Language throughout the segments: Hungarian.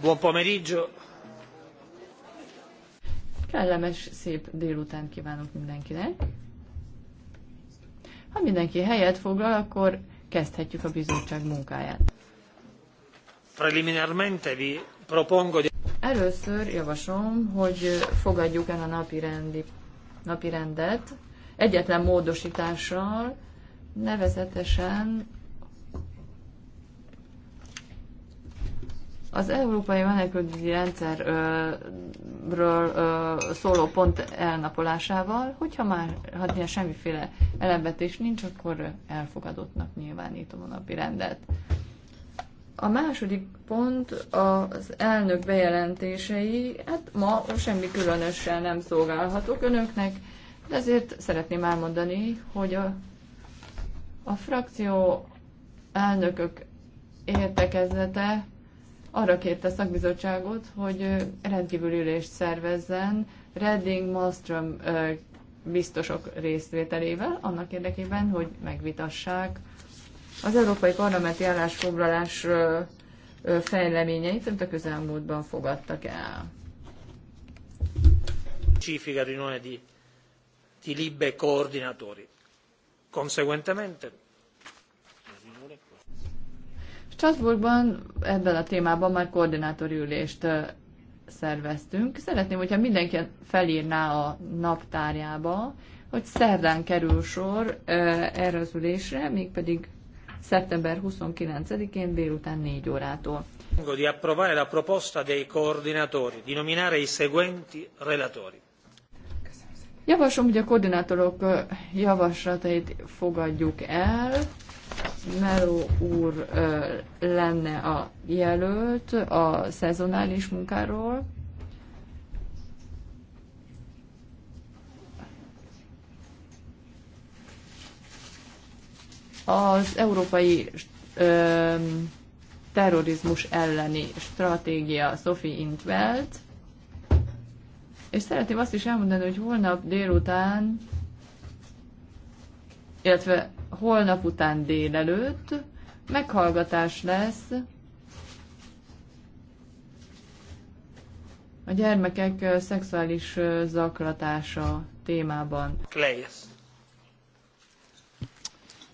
Buon pomeriggio. Kellemes, szép délután kívánok mindenkinek. Ha mindenki helyet foglal, akkor kezdhetjük a bizottság munkáját. Preliminarmente vi propongo di... Először javaslom, hogy fogadjuk el a napi napirendet egyetlen módosítással, nevezetesen Az európai menekültügyi rendszerről szóló pont elnapolásával, hogyha már hát semmiféle elevetés nincs, akkor elfogadottnak nyilvánítom a napi rendet. A második pont az elnök bejelentései, hát ma semmi különösen nem szolgálhatok önöknek, de azért szeretném elmondani, hogy a, a frakció elnökök értekezete arra kérte a szakbizottságot, hogy rendkívül ülést szervezzen Redding Malmström biztosok részvételével, annak érdekében, hogy megvitassák az Európai Parlamenti állásfoglalás fejleményeit, amit a közelmúltban fogadtak el. Cifica di, di Libe coordinatori. Conseguentemente Strasbourgban ebben a témában már koordinátori ülést szerveztünk. Szeretném, hogyha mindenki felírná a naptárjába, hogy szerdán kerül sor erre az ülésre, mégpedig szeptember 29-én délután 4 órától. Di approvare la proposta dei coordinatori di nominare i seguenti relatori. Javaslom, hogy a koordinátorok javaslatait fogadjuk el. Meló úr lenne a jelölt a szezonális munkáról. Az európai terrorizmus elleni stratégia Sophie Intveld, és szeretném azt is elmondani, hogy holnap délután, illetve holnap után délelőtt meghallgatás lesz a gyermekek szexuális zaklatása témában. Clays.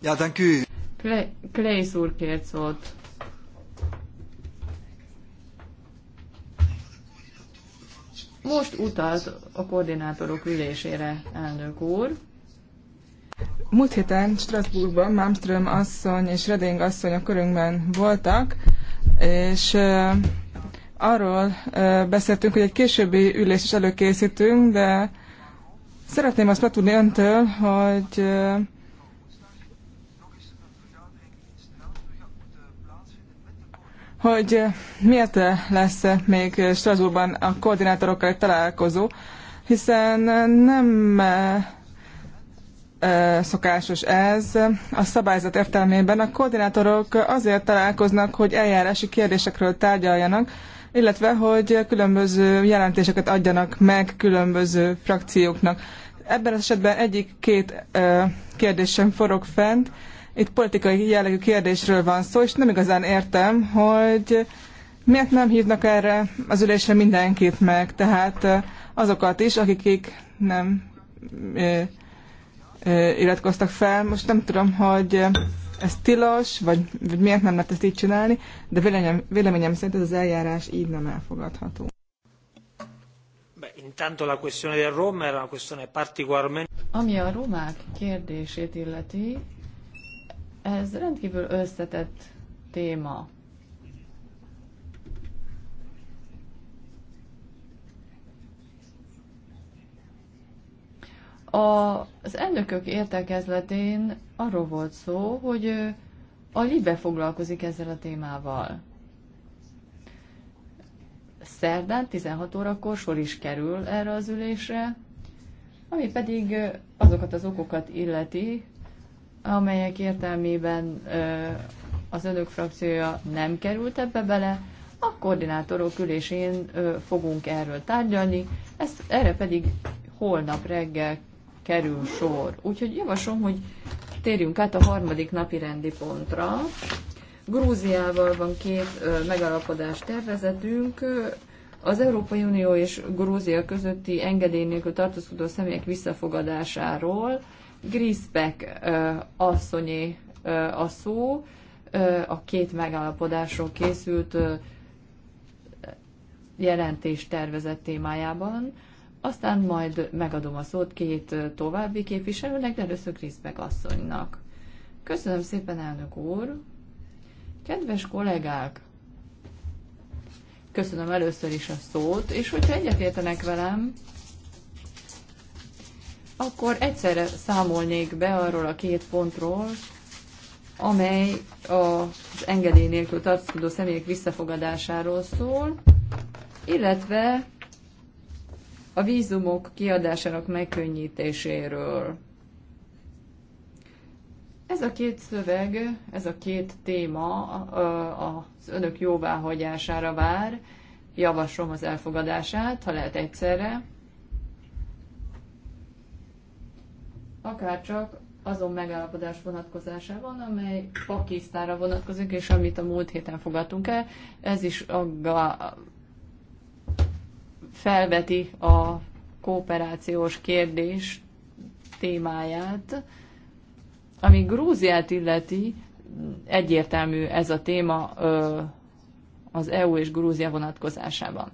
Ja, thank you. Clays úr kért szót. Most utalt a koordinátorok ülésére, elnök úr. Múlt héten Strasbourgban Mámström asszony és Reding asszony a körünkben voltak, és arról beszéltünk, hogy egy későbbi ülést is előkészítünk, de szeretném azt megtudni öntől, hogy hogy miért lesz még Strasbourgban a koordinátorokkal egy találkozó, hiszen nem szokásos ez. A szabályzat értelmében a koordinátorok azért találkoznak, hogy eljárási kérdésekről tárgyaljanak, illetve hogy különböző jelentéseket adjanak meg különböző frakcióknak. Ebben az esetben egyik-két kérdés sem forog fent. Itt politikai jellegű kérdésről van szó, és nem igazán értem, hogy miért nem hívnak erre az ülésre mindenkit meg, tehát azokat is, akik nem iratkoztak fel. Most nem tudom, hogy ez tilos, vagy, vagy miért nem lehet ezt így csinálni, de véleményem, véleményem szerint ez az eljárás így nem elfogadható. Ami a romák kérdését illeti, ez rendkívül összetett téma. Az elnökök értekezletén arról volt szó, hogy a Libe foglalkozik ezzel a témával. Szerdán 16 órakor sor is kerül erre az ülésre, ami pedig azokat az okokat illeti, amelyek értelmében az önök frakciója nem került ebbe bele, a koordinátorok ülésén fogunk erről tárgyalni, ezt, erre pedig holnap reggel kerül sor. Úgyhogy javaslom, hogy térjünk át a harmadik napi rendi pontra. Grúziával van két megalapodás tervezetünk. Az Európai Unió és Grúzia közötti engedély nélkül tartózkodó személyek visszafogadásáról. Griszbek asszonyé a szó. A két megállapodásról készült jelentés tervezett témájában aztán majd megadom a szót két további képviselőnek, de először Kriszbek asszonynak. Köszönöm szépen, elnök úr! Kedves kollégák! Köszönöm először is a szót, és hogyha egyetértenek velem, akkor egyszerre számolnék be arról a két pontról, amely az engedély nélkül tartózkodó személyek visszafogadásáról szól, illetve a vízumok kiadásának megkönnyítéséről. Ez a két szöveg, ez a két téma az önök jóváhagyására vár. Javaslom az elfogadását, ha lehet egyszerre. csak azon megállapodás vonatkozásában, amely Pakisztára vonatkozik, és amit a múlt héten fogadtunk el, ez is a felveti a kooperációs kérdés témáját. Ami Grúziát illeti, egyértelmű ez a téma az EU és Grúzia vonatkozásában.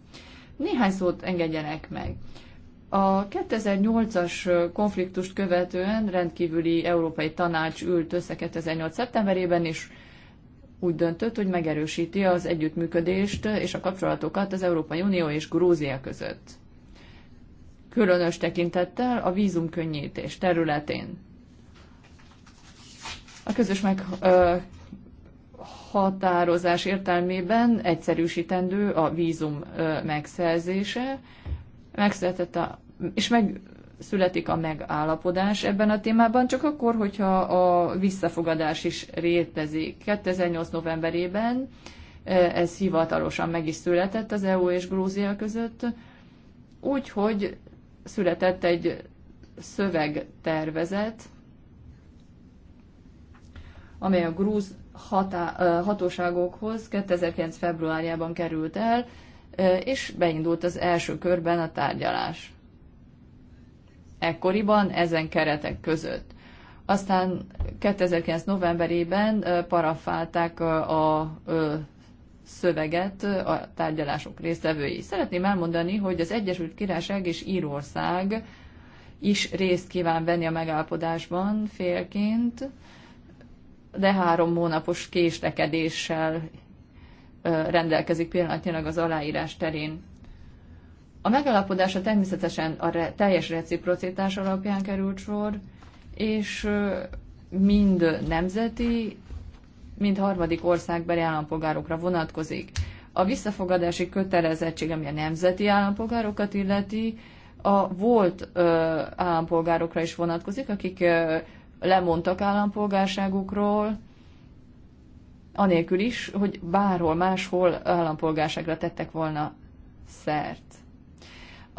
Néhány szót engedjenek meg. A 2008-as konfliktust követően rendkívüli Európai Tanács ült össze 2008. szeptemberében, és úgy döntött, hogy megerősíti az együttműködést és a kapcsolatokat az Európai Unió és Grúzia között. Különös tekintettel a vízumkönnyítés területén. A közös meghatározás értelmében egyszerűsítendő a vízum megszerzése, megszületett a, és meg születik a megállapodás ebben a témában, csak akkor, hogyha a visszafogadás is rétezik. 2008. novemberében e, ez hivatalosan meg is született az EU és Grúzia között, úgyhogy született egy szövegtervezet, amely a grúz hatá- e, hatóságokhoz 2009. februárjában került el, e, és beindult az első körben a tárgyalás ekkoriban ezen keretek között. Aztán 2009. novemberében parafálták a szöveget a tárgyalások résztvevői. Szeretném elmondani, hogy az Egyesült Királyság és Írország is részt kíván venni a megállapodásban félként, de három hónapos késlekedéssel rendelkezik pillanatnyilag az aláírás terén. A megalapodása természetesen a re- teljes reciprocitás alapján került sor, és mind nemzeti, mind harmadik országbeli állampolgárokra vonatkozik. A visszafogadási kötelezettség, ami a nemzeti állampolgárokat illeti, a volt ö, állampolgárokra is vonatkozik, akik ö, lemondtak állampolgárságukról, anélkül is, hogy bárhol máshol állampolgárságra tettek volna szert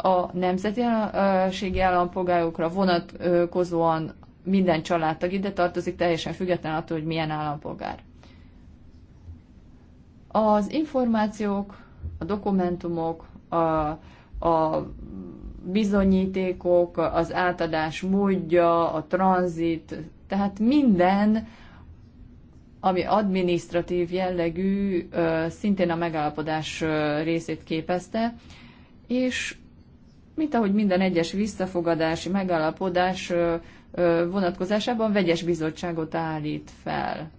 a nemzetiségi állampolgárokra vonatkozóan minden családtag ide tartozik, teljesen független attól, hogy milyen állampolgár. Az információk, a dokumentumok, a, a bizonyítékok, az átadás módja, a tranzit, tehát minden, ami administratív jellegű, szintén a megállapodás részét képezte, és mint ahogy minden egyes visszafogadási megállapodás vonatkozásában vegyes bizottságot állít fel.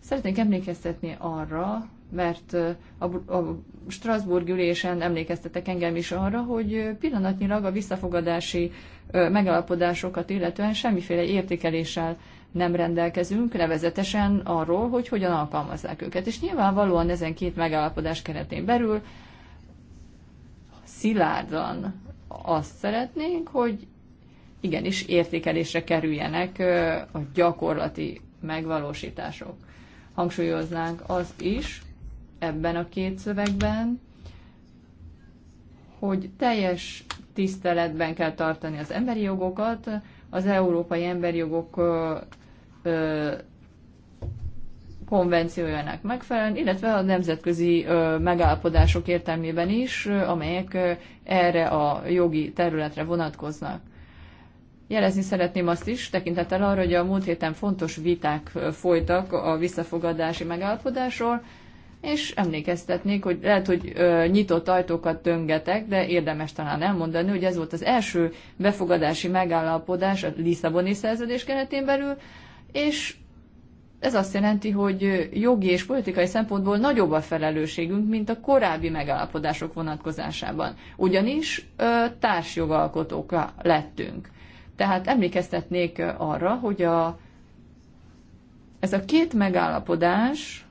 Szeretnék emlékeztetni arra, mert a, Strasbourg ülésen emlékeztetek engem is arra, hogy pillanatnyilag a visszafogadási megállapodásokat illetően semmiféle értékeléssel nem rendelkezünk, nevezetesen arról, hogy hogyan alkalmazzák őket. És nyilvánvalóan ezen két megállapodás keretén belül szilárdan azt szeretnénk, hogy igenis értékelésre kerüljenek a gyakorlati megvalósítások. Hangsúlyoznánk azt is ebben a két szövegben, hogy teljes tiszteletben kell tartani az emberi jogokat, az európai emberi jogok konvenciójának megfelelően, illetve a nemzetközi megállapodások értelmében is, amelyek erre a jogi területre vonatkoznak. Jelezni szeretném azt is, tekintettel arra, hogy a múlt héten fontos viták folytak a visszafogadási megállapodásról, és emlékeztetnék, hogy lehet, hogy ö, nyitott ajtókat döngetek, de érdemes talán elmondani, hogy ez volt az első befogadási megállapodás a Lisszaboni szerződés keretén belül, és ez azt jelenti, hogy jogi és politikai szempontból nagyobb a felelősségünk, mint a korábbi megállapodások vonatkozásában. Ugyanis társjogalkotók lettünk. Tehát emlékeztetnék arra, hogy a, ez a két megállapodás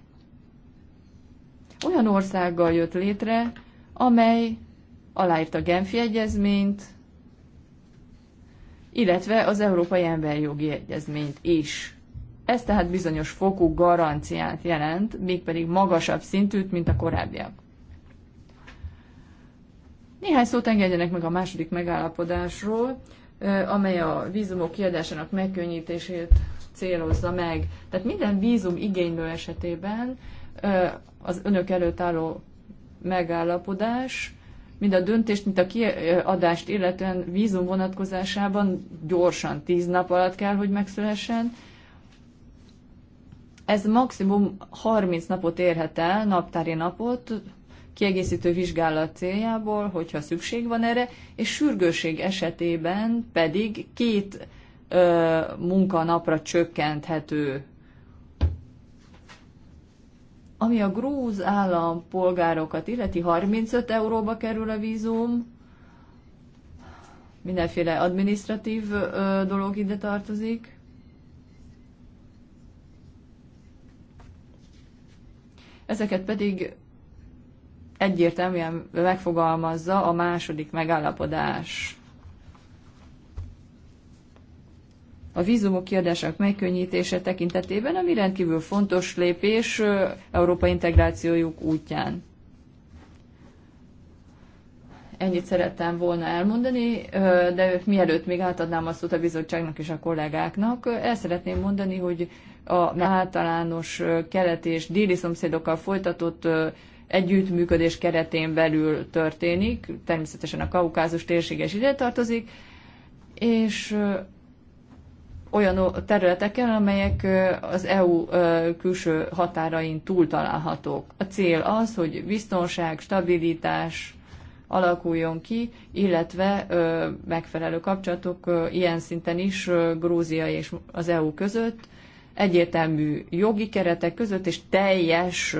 olyan országgal jött létre, amely aláírta a Genfi Egyezményt, illetve az Európai Emberjogi Egyezményt is. Ez tehát bizonyos fokú garanciát jelent, mégpedig magasabb szintűt, mint a korábbiak. Néhány szót engedjenek meg a második megállapodásról, amely a vízumok kiadásának megkönnyítését célozza meg. Tehát minden vízum igénylő esetében az önök előtt álló megállapodás, mind a döntést, mint a kiadást illetően vízum vonatkozásában gyorsan, tíz nap alatt kell, hogy megszülessen, ez maximum 30 napot érhet el, naptári napot, kiegészítő vizsgálat céljából, hogyha szükség van erre, és sürgőség esetében pedig két ö, munkanapra csökkenthető. Ami a grúz állampolgárokat illeti, 35 euróba kerül a vízum, mindenféle administratív ö, dolog ide tartozik. ezeket pedig egyértelműen megfogalmazza a második megállapodás. A vízumok kiadásak megkönnyítése tekintetében, ami rendkívül fontos lépés Európa integrációjuk útján. Ennyit szerettem volna elmondani, de mielőtt még átadnám a szót a bizottságnak és a kollégáknak, el szeretném mondani, hogy a általános keleti és déli szomszédokkal folytatott együttműködés keretén belül történik, természetesen a kaukázus térséges ide tartozik, és olyan területeken, amelyek az EU külső határain túl találhatók. A cél az, hogy biztonság, stabilitás alakuljon ki, illetve megfelelő kapcsolatok ilyen szinten is Grúzia és az EU között, egyértelmű jogi keretek között és teljes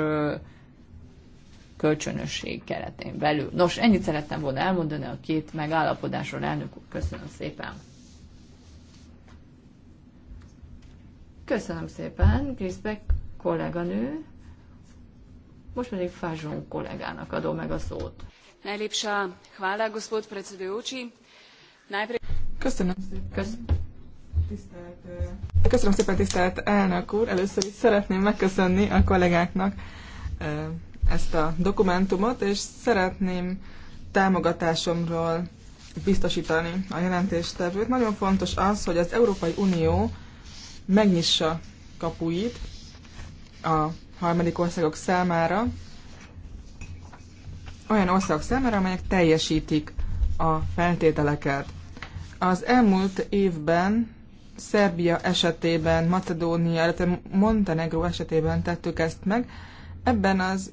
kölcsönösség keretén belül. Nos, ennyit szerettem volna elmondani a két megállapodásról, elnök úr. Köszönöm szépen. Köszönöm szépen, Kriszbek kolléganő. Most pedig Fázson kollégának adom meg a szót. Najlépsa, hvála, gospod predsedujući. Köszönöm szépen. Köszönöm. Tisztelt... Köszönöm szépen, tisztelt elnök úr! Először is szeretném megköszönni a kollégáknak ezt a dokumentumot, és szeretném támogatásomról biztosítani a jelentéstevőt. Nagyon fontos az, hogy az Európai Unió megnyissa kapuit a harmadik országok számára, olyan országok számára, amelyek teljesítik a feltételeket. Az elmúlt évben Szerbia esetében, Macedónia, illetve Montenegro esetében tettük ezt meg. Ebben az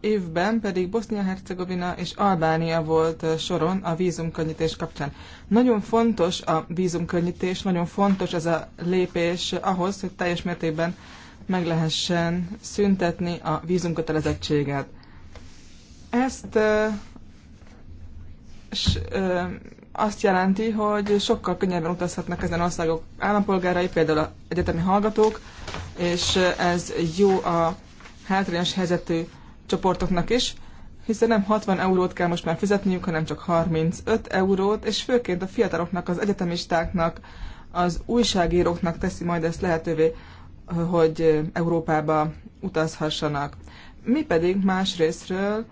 évben pedig Bosznia-Hercegovina és Albánia volt soron a vízumkönnyítés kapcsán. Nagyon fontos a vízumkönnyítés, nagyon fontos ez a lépés ahhoz, hogy teljes mértékben meg lehessen szüntetni a vízumkötelezettséget. Ezt azt jelenti, hogy sokkal könnyebben utazhatnak ezen országok állampolgárai, például a egyetemi hallgatók, és ez jó a hátrányos helyzetű csoportoknak is, hiszen nem 60 eurót kell most már fizetniük, hanem csak 35 eurót, és főként a fiataloknak, az egyetemistáknak, az újságíróknak teszi majd ezt lehetővé, hogy Európába utazhassanak. Mi pedig más részről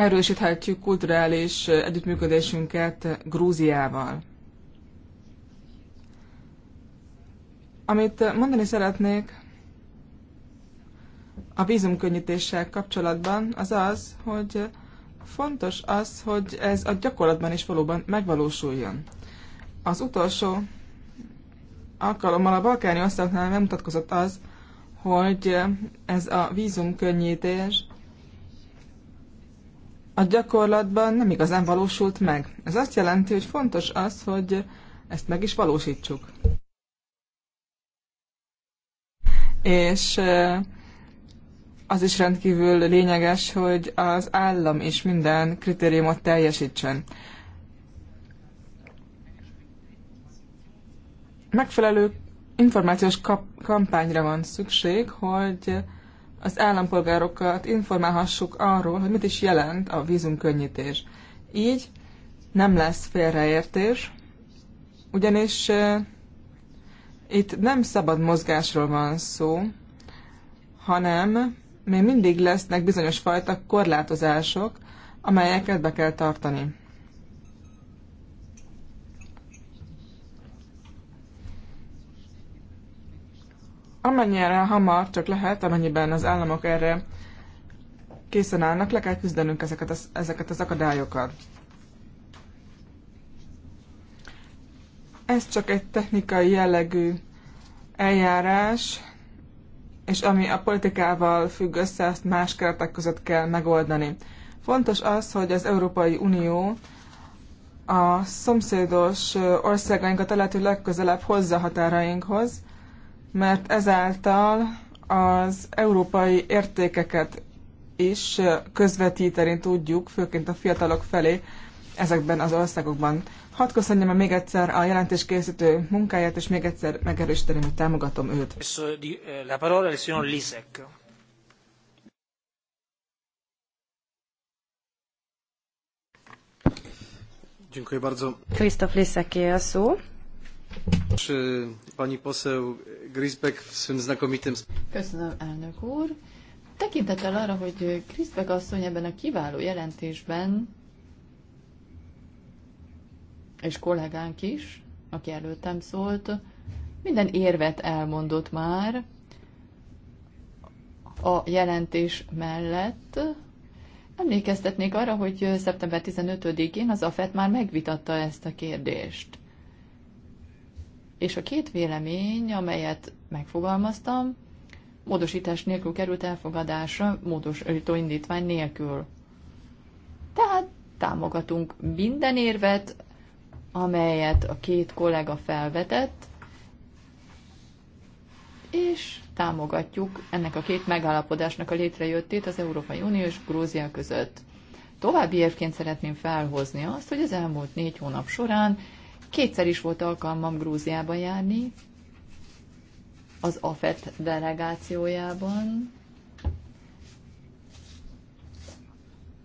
erősíthetjük kulturális együttműködésünket Grúziával. Amit mondani szeretnék a vízumkönnyítéssel kapcsolatban, az az, hogy fontos az, hogy ez a gyakorlatban is valóban megvalósuljon. Az utolsó alkalommal a balkáni országoknál bemutatkozott az, hogy ez a vízumkönnyítés a gyakorlatban nem igazán valósult meg. Ez azt jelenti, hogy fontos az, hogy ezt meg is valósítsuk. És az is rendkívül lényeges, hogy az állam is minden kritériumot teljesítsen. Megfelelő információs kampányra van szükség, hogy az állampolgárokat informálhassuk arról, hogy mit is jelent a vízumkönnyítés. Így nem lesz félreértés, ugyanis uh, itt nem szabad mozgásról van szó, hanem még mindig lesznek bizonyos fajta korlátozások, amelyeket be kell tartani. amennyire hamar csak lehet, amennyiben az államok erre készen állnak, le kell küzdenünk ezeket az, ezeket az akadályokat. Ez csak egy technikai jellegű eljárás, és ami a politikával függ össze, azt más keretek között kell megoldani. Fontos az, hogy az Európai Unió a szomszédos országainkat a lehető legközelebb hozza határainkhoz, mert ezáltal az európai értékeket is közvetíteni tudjuk, főként a fiatalok felé ezekben az országokban. Hadd köszönjem még egyszer a jelentéskészítő munkáját, és még egyszer megerősíteni, hogy támogatom őt. La parola al Lisek. Dziękuję bardzo. Krisztof Liszeké a szó. Köszönöm, elnök úr. Tekintettel arra, hogy Grisbeck asszony ebben a kiváló jelentésben, és kollégánk is, aki előttem szólt, minden érvet elmondott már a jelentés mellett, Emlékeztetnék arra, hogy szeptember 15-én az AFET már megvitatta ezt a kérdést és a két vélemény, amelyet megfogalmaztam, módosítás nélkül került elfogadásra, módosító indítvány nélkül. Tehát támogatunk minden érvet, amelyet a két kollega felvetett, és támogatjuk ennek a két megállapodásnak a létrejöttét az Európai Unió és Grúzia között. További érvként szeretném felhozni azt, hogy az elmúlt négy hónap során Kétszer is volt alkalmam Grúziába járni, az AFET delegációjában.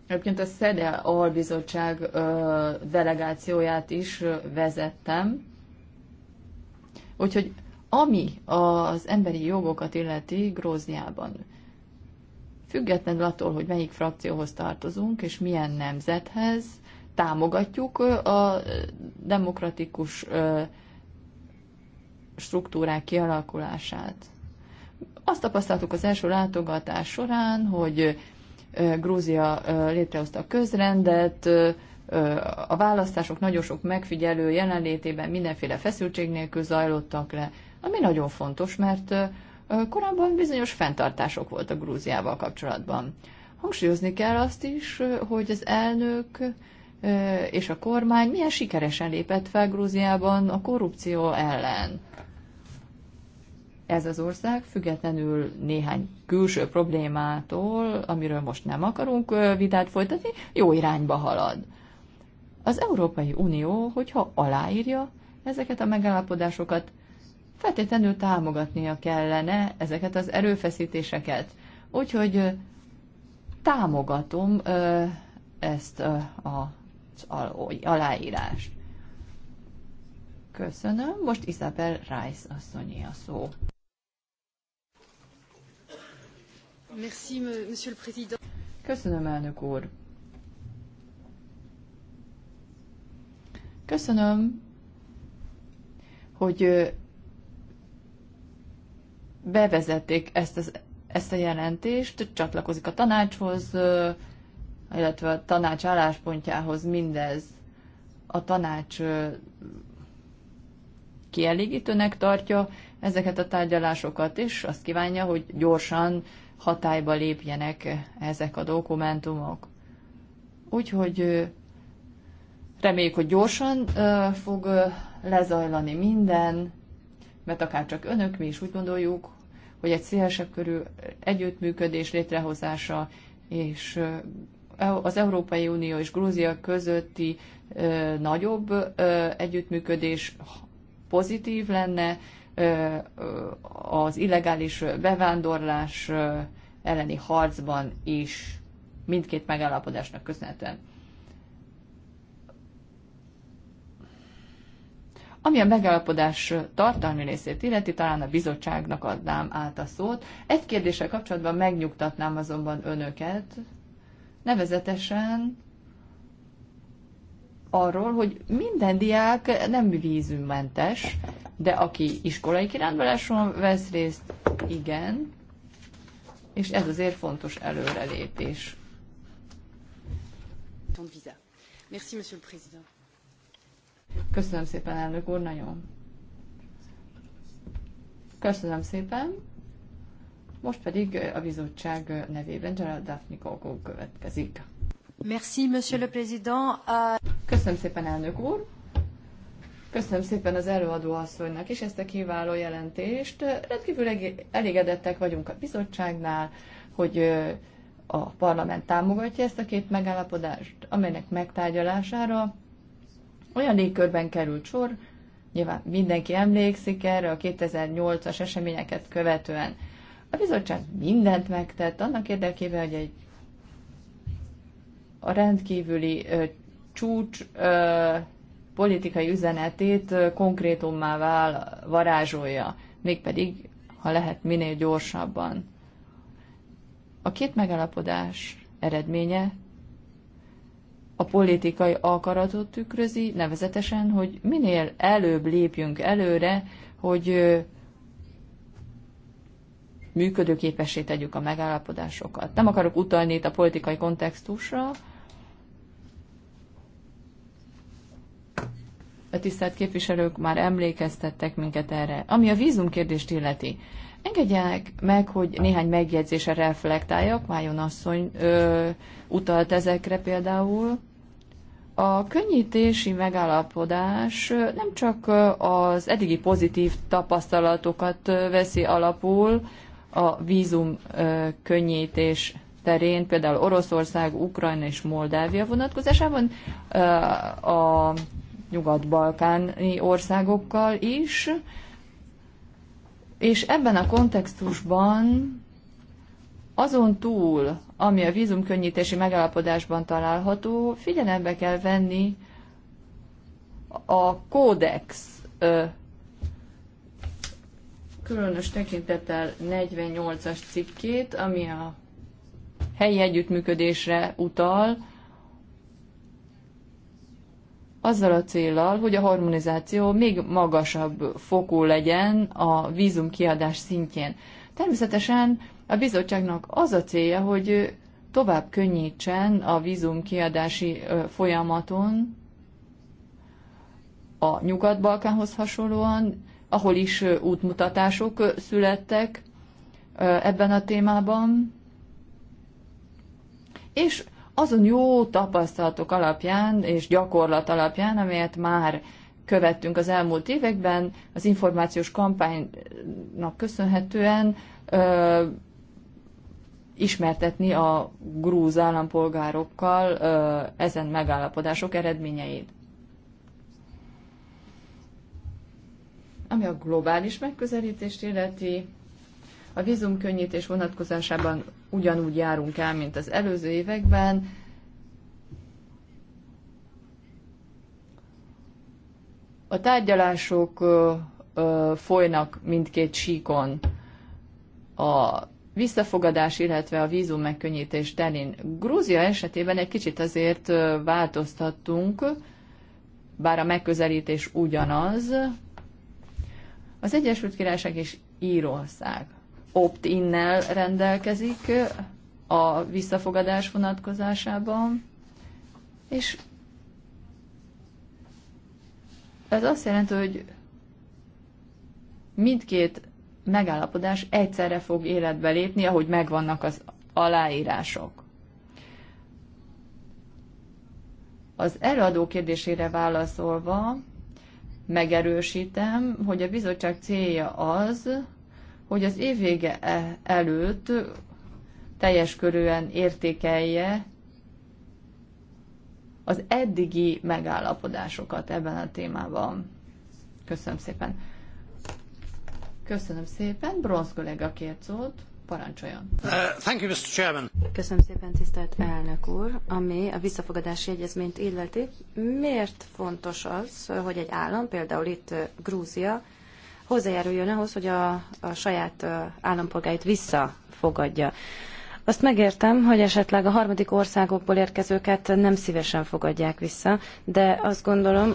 Egyébként a SZEDE albizottság delegációját is vezettem. Úgyhogy ami az emberi jogokat illeti Gróziában, függetlenül attól, hogy melyik frakcióhoz tartozunk, és milyen nemzethez, támogatjuk a demokratikus struktúrák kialakulását. Azt tapasztaltuk az első látogatás során, hogy Grúzia létrehozta a közrendet, a választások nagyon sok megfigyelő jelenlétében mindenféle feszültség nélkül zajlottak le, ami nagyon fontos, mert korábban bizonyos fenntartások voltak Grúziával kapcsolatban. Hangsúlyozni kell azt is, hogy az elnök és a kormány milyen sikeresen lépett fel Grúziában a korrupció ellen. Ez az ország függetlenül néhány külső problémától, amiről most nem akarunk vitát folytatni, jó irányba halad. Az Európai Unió, hogyha aláírja ezeket a megállapodásokat, feltétlenül támogatnia kellene ezeket az erőfeszítéseket. Úgyhogy támogatom ezt a al- aláírást. Köszönöm. Most Isabel Rice asszonyi a szó. Merci, monsieur le président. Köszönöm, elnök úr. Köszönöm, hogy bevezették ezt, az, ezt a jelentést, csatlakozik a tanácshoz, illetve a tanács álláspontjához mindez a tanács kielégítőnek tartja ezeket a tárgyalásokat, és azt kívánja, hogy gyorsan hatályba lépjenek ezek a dokumentumok. Úgyhogy reméljük, hogy gyorsan fog lezajlani minden, mert akár csak önök, mi is úgy gondoljuk, hogy egy szélesebb körű együttműködés létrehozása és az Európai Unió és Grúzia közötti nagyobb együttműködés pozitív lenne, az illegális bevándorlás elleni harcban is mindkét megállapodásnak köszönhetően. Ami a megállapodás tartalmi részét illeti, talán a bizottságnak adnám át a szót. Egy kérdéssel kapcsolatban megnyugtatnám azonban önöket, nevezetesen arról, hogy minden diák nem vízümmentes, de aki iskolai kirándulásról vesz részt, igen, és ez azért fontos előrelépés. Köszönöm szépen, elnök úr, nagyon. Köszönöm szépen. Most pedig a bizottság nevében Gerald Daphne Kókó következik. Merci, Monsieur le Président. Euh, Köszönöm szépen, elnök úr. Köszönöm szépen az előadó asszonynak is ezt a kiváló jelentést. Rendkívül elégedettek vagyunk a bizottságnál, hogy a parlament támogatja ezt a két megállapodást, amelynek megtárgyalására olyan légkörben került sor, nyilván mindenki emlékszik erre a 2008-as eseményeket követően. A bizottság mindent megtett annak érdekében, hogy egy a rendkívüli ö, csúcs ö, politikai üzenetét ö, konkrétummá vál, varázsolja, mégpedig, ha lehet, minél gyorsabban. A két megállapodás eredménye a politikai akaratot tükrözi, nevezetesen, hogy minél előbb lépjünk előre, hogy működőképessé tegyük a megállapodásokat. Nem akarok utalni itt a politikai kontextusra, a tisztelt képviselők már emlékeztettek minket erre. Ami a vízum kérdést illeti, engedjenek meg, hogy néhány megjegyzésre reflektáljak, Májon asszony ö, utalt ezekre például. A könnyítési megállapodás nem csak az eddigi pozitív tapasztalatokat veszi alapul, a vízum könnyítés terén, például Oroszország, Ukrajna és Moldávia vonatkozásában, a nyugat-balkáni országokkal is, és ebben a kontextusban azon túl, ami a vízumkönnyítési megállapodásban található, figyelembe kell venni a kódex különös tekintettel 48-as cikkét, ami a helyi együttműködésre utal, azzal a célral, hogy a harmonizáció még magasabb fokú legyen a vízum kiadás szintjén. Természetesen a bizottságnak az a célja, hogy tovább könnyítsen a vízum kiadási folyamaton a Nyugat-Balkánhoz hasonlóan, ahol is útmutatások születtek ebben a témában, és azon jó tapasztalatok alapján és gyakorlat alapján, amelyet már követtünk az elmúlt években, az információs kampánynak köszönhetően ö, ismertetni a grúz állampolgárokkal ö, ezen megállapodások eredményeit. Ami a globális megközelítést illeti, a vízumkönnyítés vonatkozásában ugyanúgy járunk el, mint az előző években. A tárgyalások folynak mindkét síkon. A visszafogadás, illetve a vízum megkönnyítés terén. Grúzia esetében egy kicsit azért változtattunk, bár a megközelítés ugyanaz, az Egyesült Királyság és Írország opt-innel rendelkezik a visszafogadás vonatkozásában, és ez azt jelenti, hogy mindkét megállapodás egyszerre fog életbe lépni, ahogy megvannak az aláírások. Az előadó kérdésére válaszolva, megerősítem, hogy a bizottság célja az, hogy az évvége e- előtt teljes körűen értékelje az eddigi megállapodásokat ebben a témában. Köszönöm szépen. Köszönöm szépen. Bronz kollega kért szót. Parancsoljon. Uh, Köszönöm szépen, tisztelt elnök úr. Ami a visszafogadási egyezményt illeti, miért fontos az, hogy egy állam, például itt uh, Grúzia, hozzájáruljon ahhoz, hogy a, a saját uh, állampolgáit visszafogadja. Azt megértem, hogy esetleg a harmadik országokból érkezőket nem szívesen fogadják vissza, de azt gondolom,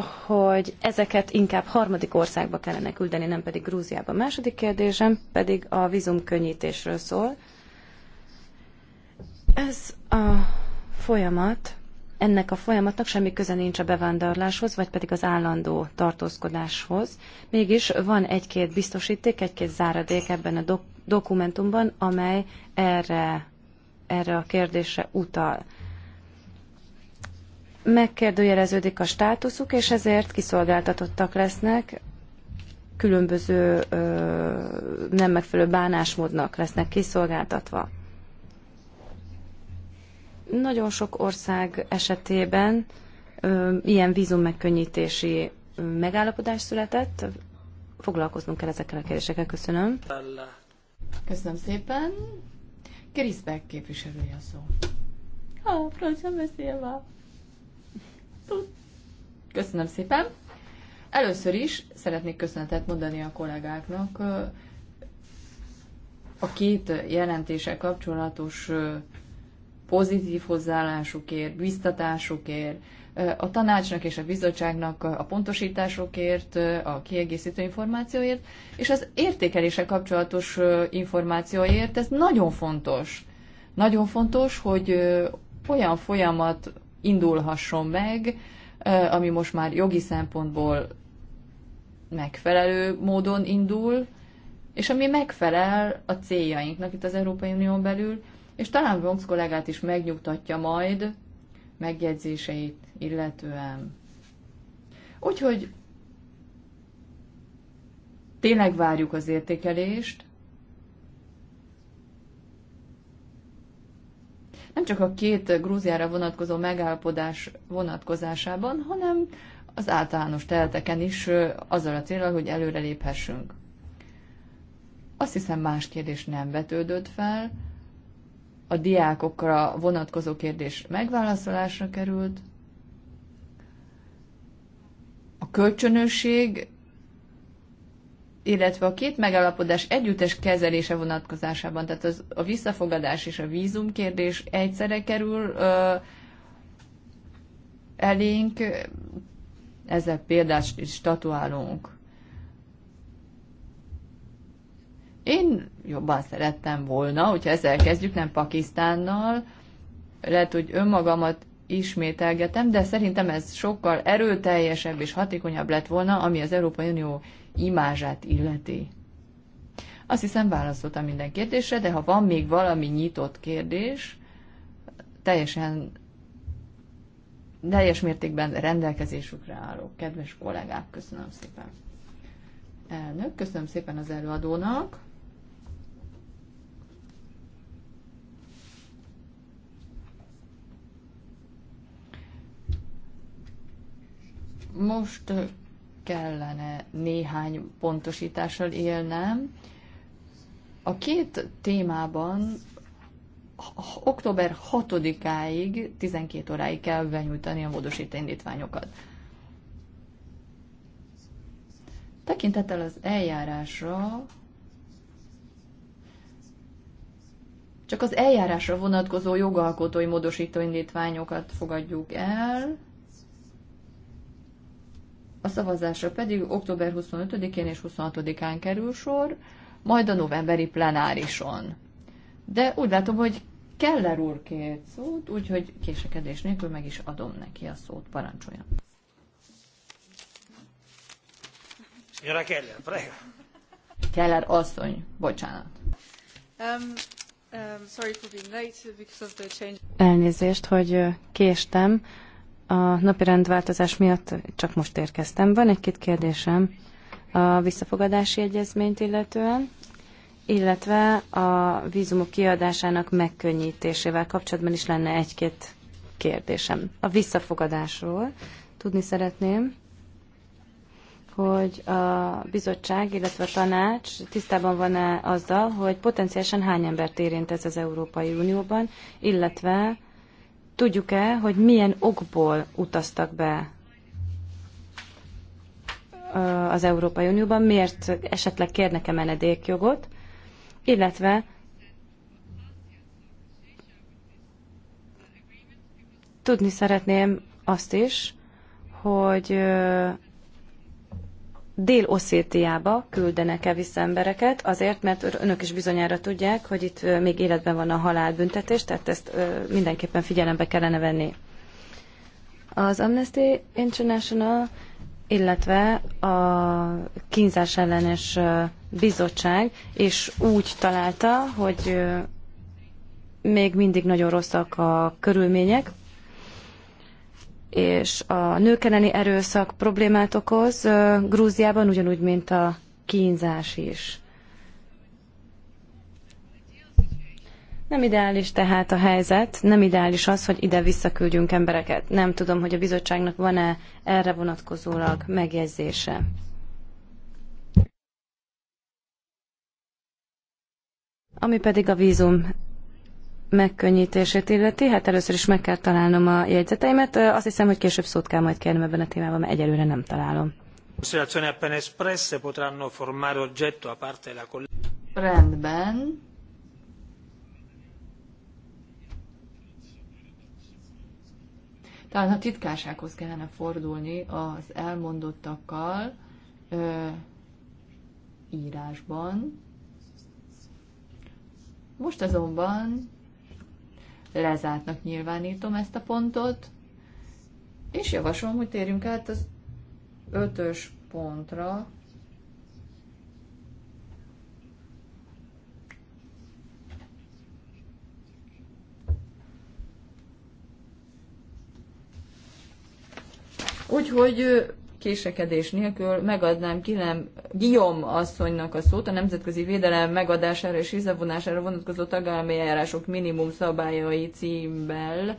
hogy ezeket inkább harmadik országba kellene küldeni, nem pedig Grúziába. A második kérdésem pedig a vízumkönnyítésről szól. Ez a folyamat, ennek a folyamatnak semmi köze nincs a bevándorláshoz, vagy pedig az állandó tartózkodáshoz. Mégis van egy-két biztosíték, egy-két záradék ebben a dokumentumban, amely erre, erre a kérdésre utal megkérdőjeleződik a státuszuk, és ezért kiszolgáltatottak lesznek, különböző ö, nem megfelelő bánásmódnak lesznek kiszolgáltatva. Nagyon sok ország esetében ö, ilyen vízum megkönnyítési megállapodás született. Foglalkoznunk kell ezekkel a kérdésekkel. Köszönöm. Köszönöm szépen. Kriszbek képviselője a szó. Ha, francia beszélve. Köszönöm szépen. Először is szeretnék köszönetet mondani a kollégáknak a két jelentése kapcsolatos pozitív hozzáállásukért, biztatásukért, a tanácsnak és a bizottságnak a pontosításokért, a kiegészítő információért, és az értékelése kapcsolatos információért. Ez nagyon fontos. Nagyon fontos, hogy olyan folyamat indulhasson meg, ami most már jogi szempontból megfelelő módon indul, és ami megfelel a céljainknak itt az Európai Unión belül, és talán Vonks kollégát is megnyugtatja majd megjegyzéseit illetően. Úgyhogy tényleg várjuk az értékelést, nem csak a két Grúziára vonatkozó megállapodás vonatkozásában, hanem az általános területeken is azzal a célral, hogy előre léphessünk. Azt hiszem más kérdés nem vetődött fel, a diákokra vonatkozó kérdés megválaszolásra került, a kölcsönösség illetve a két megállapodás együttes kezelése vonatkozásában, tehát az, a visszafogadás és a vízum kérdés egyszerre kerül ö, elénk, ezzel példát statuálunk. Én jobban szerettem volna, hogyha ezzel kezdjük, nem Pakisztánnal, lehet, hogy önmagamat ismételgetem, de szerintem ez sokkal erőteljesebb és hatékonyabb lett volna, ami az Európai Unió imázsát illeti. Azt hiszem válaszoltam minden kérdésre, de ha van még valami nyitott kérdés, teljesen teljes mértékben rendelkezésükre álló kedves kollégák, köszönöm szépen. Elnök, köszönöm szépen az előadónak. Most kellene néhány pontosítással élnem. A két témában október 6-áig, 12 óráig kell benyújtani a módosító indítványokat. Tekintettel az eljárásra, csak az eljárásra vonatkozó jogalkotói módosító indítványokat fogadjuk el, szavazásra pedig október 25-én és 26-án kerül sor, majd a novemberi plenárison. De úgy látom, hogy Keller úr kért szót, úgyhogy késekedés nélkül meg is adom neki a szót. Parancsoljon. Jöre Keller, prega! Keller asszony, bocsánat. Um, um, sorry for being late because of the change. Elnézést, hogy uh, késtem. A rendváltozás miatt csak most érkeztem. Van egy-két kérdésem a visszafogadási egyezményt illetően, illetve a vízumok kiadásának megkönnyítésével kapcsolatban is lenne egy-két kérdésem. A visszafogadásról tudni szeretném, hogy a bizottság, illetve a tanács tisztában van-e azzal, hogy potenciálisan hány embert érint ez az Európai Unióban, illetve Tudjuk-e, hogy milyen okból utaztak be az Európai Unióban, miért esetleg kérnek-e menedékjogot, illetve tudni szeretném azt is, hogy Dél-Oszétiába küldenek-e vissza embereket, azért, mert önök is bizonyára tudják, hogy itt még életben van a halálbüntetés, tehát ezt mindenképpen figyelembe kellene venni. Az Amnesty International, illetve a kínzás ellenes bizottság is úgy találta, hogy még mindig nagyon rosszak a körülmények, és a nők elleni erőszak problémát okoz Grúziában, ugyanúgy, mint a kínzás is. Nem ideális tehát a helyzet, nem ideális az, hogy ide visszaküldjünk embereket. Nem tudom, hogy a bizottságnak van-e erre vonatkozólag megjegyzése. Ami pedig a vízum megkönnyítését illeti, hát először is meg kell találnom a jegyzeteimet. Azt hiszem, hogy később szót kell majd kérnem ebben a témában, mert egyelőre nem találom. Rendben. Talán a titkársághoz kellene fordulni az elmondottakkal ö, írásban. Most azonban lezártnak nyilvánítom ezt a pontot, és javaslom, hogy térjünk át az ötös pontra, Úgyhogy késekedés nélkül megadnám, ki nem Guillaume asszonynak a szót a nemzetközi védelem megadására és visszavonására vonatkozó tagállami eljárások minimum szabályai címmel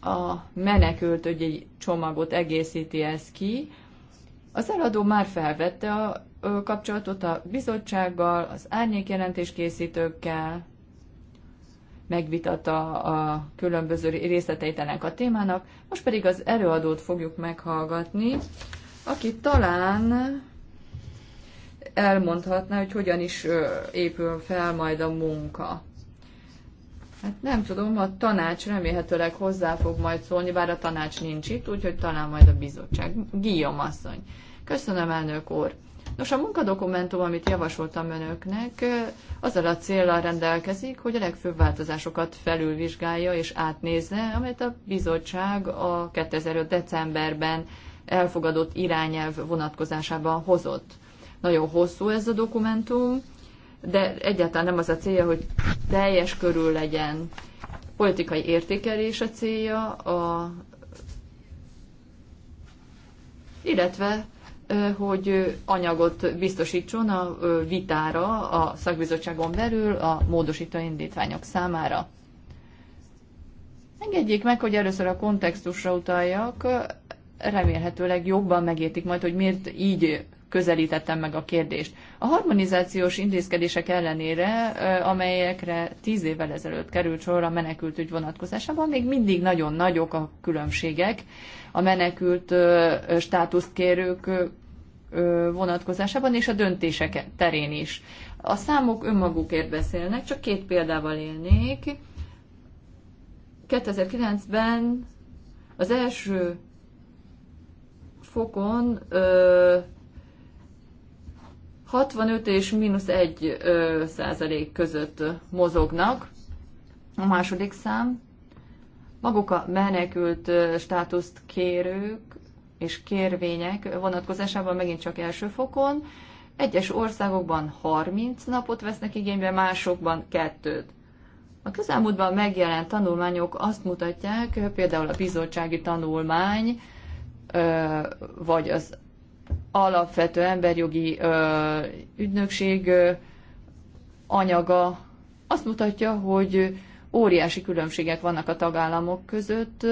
a egy csomagot egészíti ez ki. Az eladó már felvette a kapcsolatot a bizottsággal, az árnyékjelentés készítőkkel, megvitatta a különböző részleteit ennek a témának, most pedig az előadót fogjuk meghallgatni, aki talán elmondhatná, hogy hogyan is épül fel majd a munka. Hát nem tudom, a tanács remélhetőleg hozzá fog majd szólni, bár a tanács nincs itt, úgyhogy talán majd a bizottság. Guillaume asszony. Köszönöm, elnök úr. Nos, a munkadokumentum, amit javasoltam önöknek, azzal a célral rendelkezik, hogy a legfőbb változásokat felülvizsgálja és átnézze, amelyet a bizottság a 2005. decemberben elfogadott irányelv vonatkozásában hozott. Nagyon hosszú ez a dokumentum, de egyáltalán nem az a célja, hogy teljes körül legyen politikai értékelés a célja, a, illetve hogy anyagot biztosítson a vitára a szakbizottságon belül a módosító indítványok számára. Engedjék meg, hogy először a kontextusra utaljak remélhetőleg jobban megértik majd, hogy miért így közelítettem meg a kérdést. A harmonizációs intézkedések ellenére, amelyekre tíz évvel ezelőtt került sor a menekültügy vonatkozásában, még mindig nagyon nagyok a különbségek a menekült státuszt kérők vonatkozásában és a döntések terén is. A számok önmagukért beszélnek, csak két példával élnék. 2009-ben az első fokon ö, 65 és mínusz 1 ö, százalék között mozognak. A második szám, maguk a menekült státuszt kérők és kérvények vonatkozásában megint csak első fokon, egyes országokban 30 napot vesznek igénybe, másokban kettőt. A közelmúltban megjelent tanulmányok azt mutatják, például a bizottsági tanulmány, vagy az alapvető emberjogi ügynökség anyaga azt mutatja, hogy óriási különbségek vannak a tagállamok között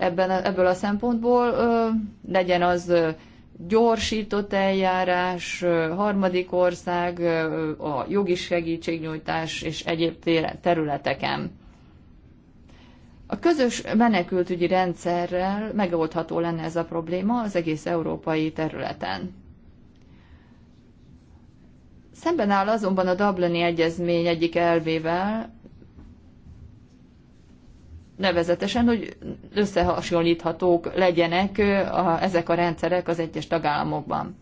ebben, ebből a szempontból, legyen az gyorsított eljárás, harmadik ország, a jogi segítségnyújtás és egyéb területeken. A közös menekültügyi rendszerrel megoldható lenne ez a probléma az egész európai területen. Szemben áll azonban a Dublini Egyezmény egyik elvével, nevezetesen, hogy összehasonlíthatók legyenek a, ezek a rendszerek az egyes tagállamokban.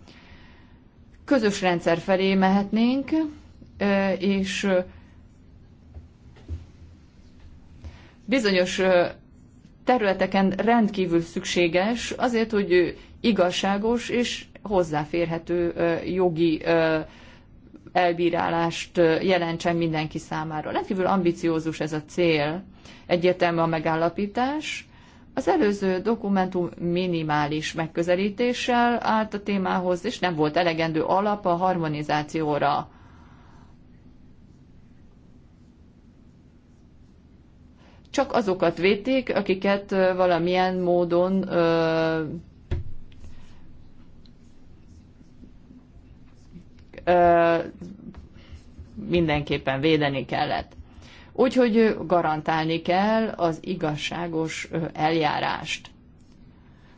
Közös rendszer felé mehetnénk, és bizonyos területeken rendkívül szükséges, azért, hogy igazságos és hozzáférhető jogi elbírálást jelentsen mindenki számára. Rendkívül ambiciózus ez a cél, egyértelmű a megállapítás. Az előző dokumentum minimális megközelítéssel állt a témához, és nem volt elegendő alap a harmonizációra. csak azokat védték, akiket valamilyen módon ö, ö, mindenképpen védeni kellett. Úgyhogy garantálni kell az igazságos eljárást.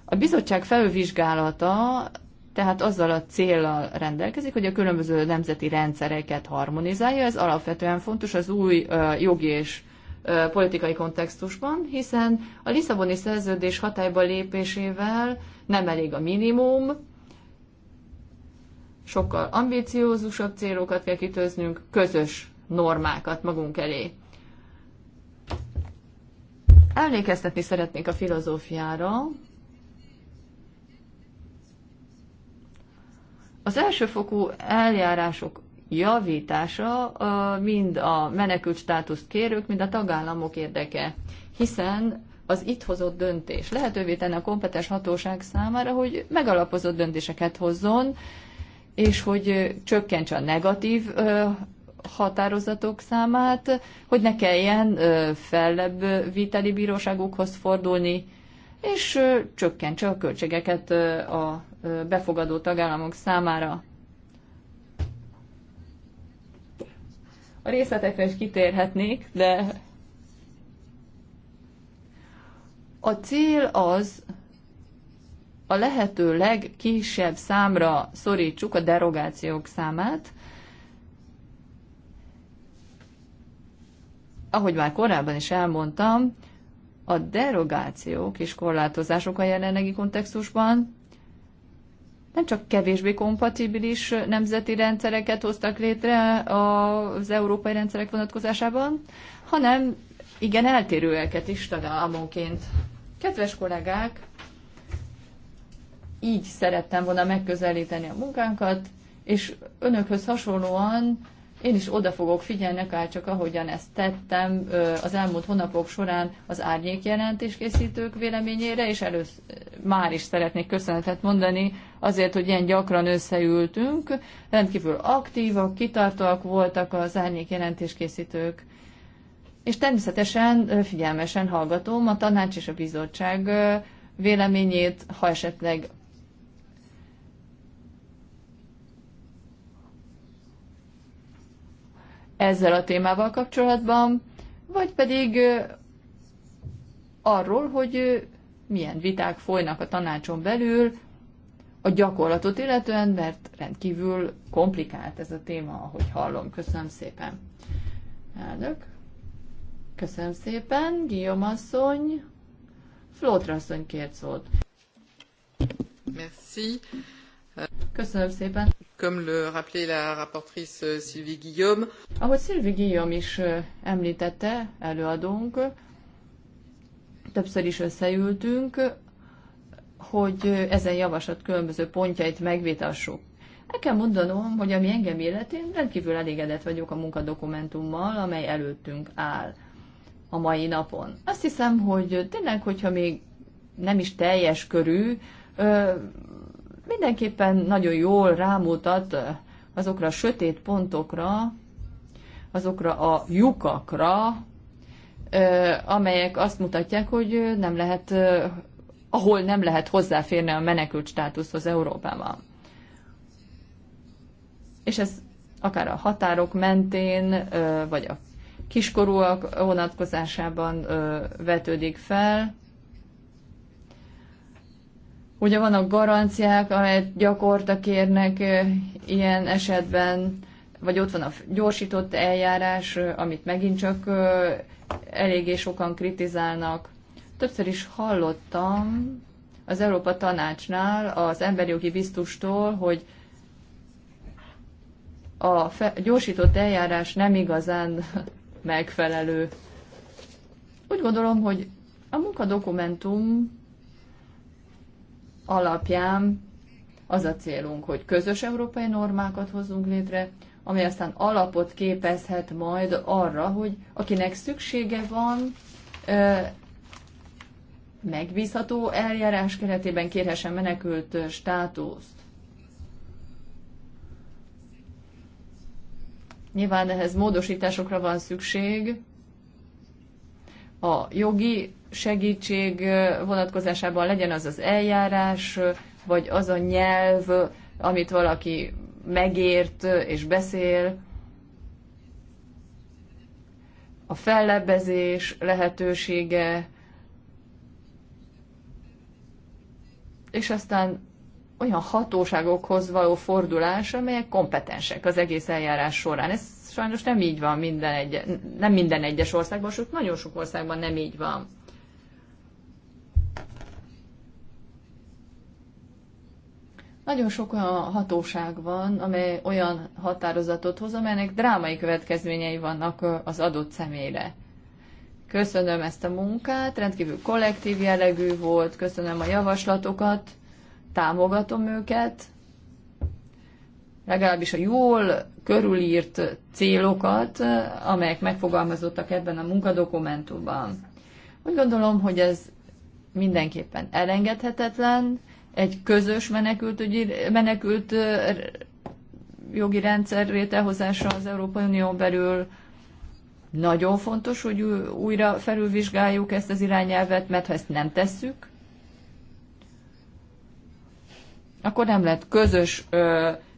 A bizottság felülvizsgálata tehát azzal a célral rendelkezik, hogy a különböző nemzeti rendszereket harmonizálja. Ez alapvetően fontos az új jogi és politikai kontextusban, hiszen a Lisszaboni szerződés hatályba lépésével nem elég a minimum, sokkal ambíciózusabb célokat kell kitőznünk, közös normákat magunk elé. Emlékeztetni szeretnék a filozófiára. Az elsőfokú eljárások javítása mind a menekült státuszt kérők, mind a tagállamok érdeke, hiszen az itt hozott döntés lehetővé tenne a kompetens hatóság számára, hogy megalapozott döntéseket hozzon, és hogy csökkentse a negatív határozatok számát, hogy ne kelljen fellebb viteli bíróságokhoz fordulni, és csökkentse a költségeket a befogadó tagállamok számára. A részletekre is kitérhetnék, de a cél az, a lehető legkisebb számra szorítsuk a derogációk számát, ahogy már korábban is elmondtam, a derogációk és korlátozások a jelenlegi kontextusban nem csak kevésbé kompatibilis nemzeti rendszereket hoztak létre az európai rendszerek vonatkozásában, hanem igen eltérőeket is tagállamonként. Kedves kollégák, így szerettem volna megközelíteni a munkánkat, és önökhöz hasonlóan én is oda fogok figyelni, akár csak ahogyan ezt tettem az elmúlt hónapok során az árnyék jelentés készítők véleményére, és először már is szeretnék köszönetet mondani azért, hogy ilyen gyakran összeültünk. Rendkívül aktívak, kitartóak voltak az árnyék jelentés készítők. És természetesen figyelmesen hallgatom a tanács és a bizottság véleményét, ha esetleg ezzel a témával kapcsolatban, vagy pedig arról, hogy milyen viták folynak a tanácson belül a gyakorlatot illetően, mert rendkívül komplikált ez a téma, ahogy hallom. Köszönöm szépen. Elnök. Köszönöm szépen. Guillaume asszony. Flótra asszony kért szót. Merci. Köszönöm szépen comme le rappelait la euh, Sylvie Guillaume. Ahogy Sylvie Guillaume is euh, említette, előadónk, többször is összeültünk, hogy ezen javaslat különböző pontjait megvitassuk. El kell mondanom, hogy ami engem életén rendkívül elégedett vagyok a munkadokumentummal, amely előttünk áll a mai napon. Azt hiszem, hogy tényleg, hogyha még nem is teljes körű, mindenképpen nagyon jól rámutat eh, azokra a sötét pontokra, azokra a lyukakra, eh, amelyek azt mutatják, hogy eh, nem lehet, ahol nem lehet hozzáférni a menekült státuszhoz Európában. És ez akár a határok mentén, vagy a kiskorúak vonatkozásában vetődik fel, Ugye vannak garanciák, amelyet gyakorta kérnek ilyen esetben, vagy ott van a gyorsított eljárás, amit megint csak eléggé sokan kritizálnak. Többször is hallottam az Európa Tanácsnál az emberi jogi biztustól, hogy a gyorsított eljárás nem igazán megfelelő. Úgy gondolom, hogy a munkadokumentum alapján az a célunk, hogy közös európai normákat hozzunk létre, ami aztán alapot képezhet majd arra, hogy akinek szüksége van, megbízható eljárás keretében kérhessen menekült státuszt. Nyilván ehhez módosításokra van szükség a jogi segítség vonatkozásában legyen az az eljárás, vagy az a nyelv, amit valaki megért és beszél, a fellebbezés lehetősége, és aztán olyan hatóságokhoz való fordulás, amelyek kompetensek az egész eljárás során. Ez sajnos nem így van minden egy, nem minden egyes országban, sőt nagyon sok országban nem így van. Nagyon sok olyan hatóság van, amely olyan határozatot hoz, amelynek drámai következményei vannak az adott személyre. Köszönöm ezt a munkát, rendkívül kollektív jellegű volt, köszönöm a javaslatokat, támogatom őket, legalábbis a jól körülírt célokat, amelyek megfogalmazottak ebben a munkadokumentumban. Úgy gondolom, hogy ez mindenképpen elengedhetetlen, egy közös menekült, ügyi, menekült jogi rendszer létrehozása az Európai Unió belül nagyon fontos, hogy újra felülvizsgáljuk ezt az irányelvet, mert ha ezt nem tesszük, akkor nem lehet közös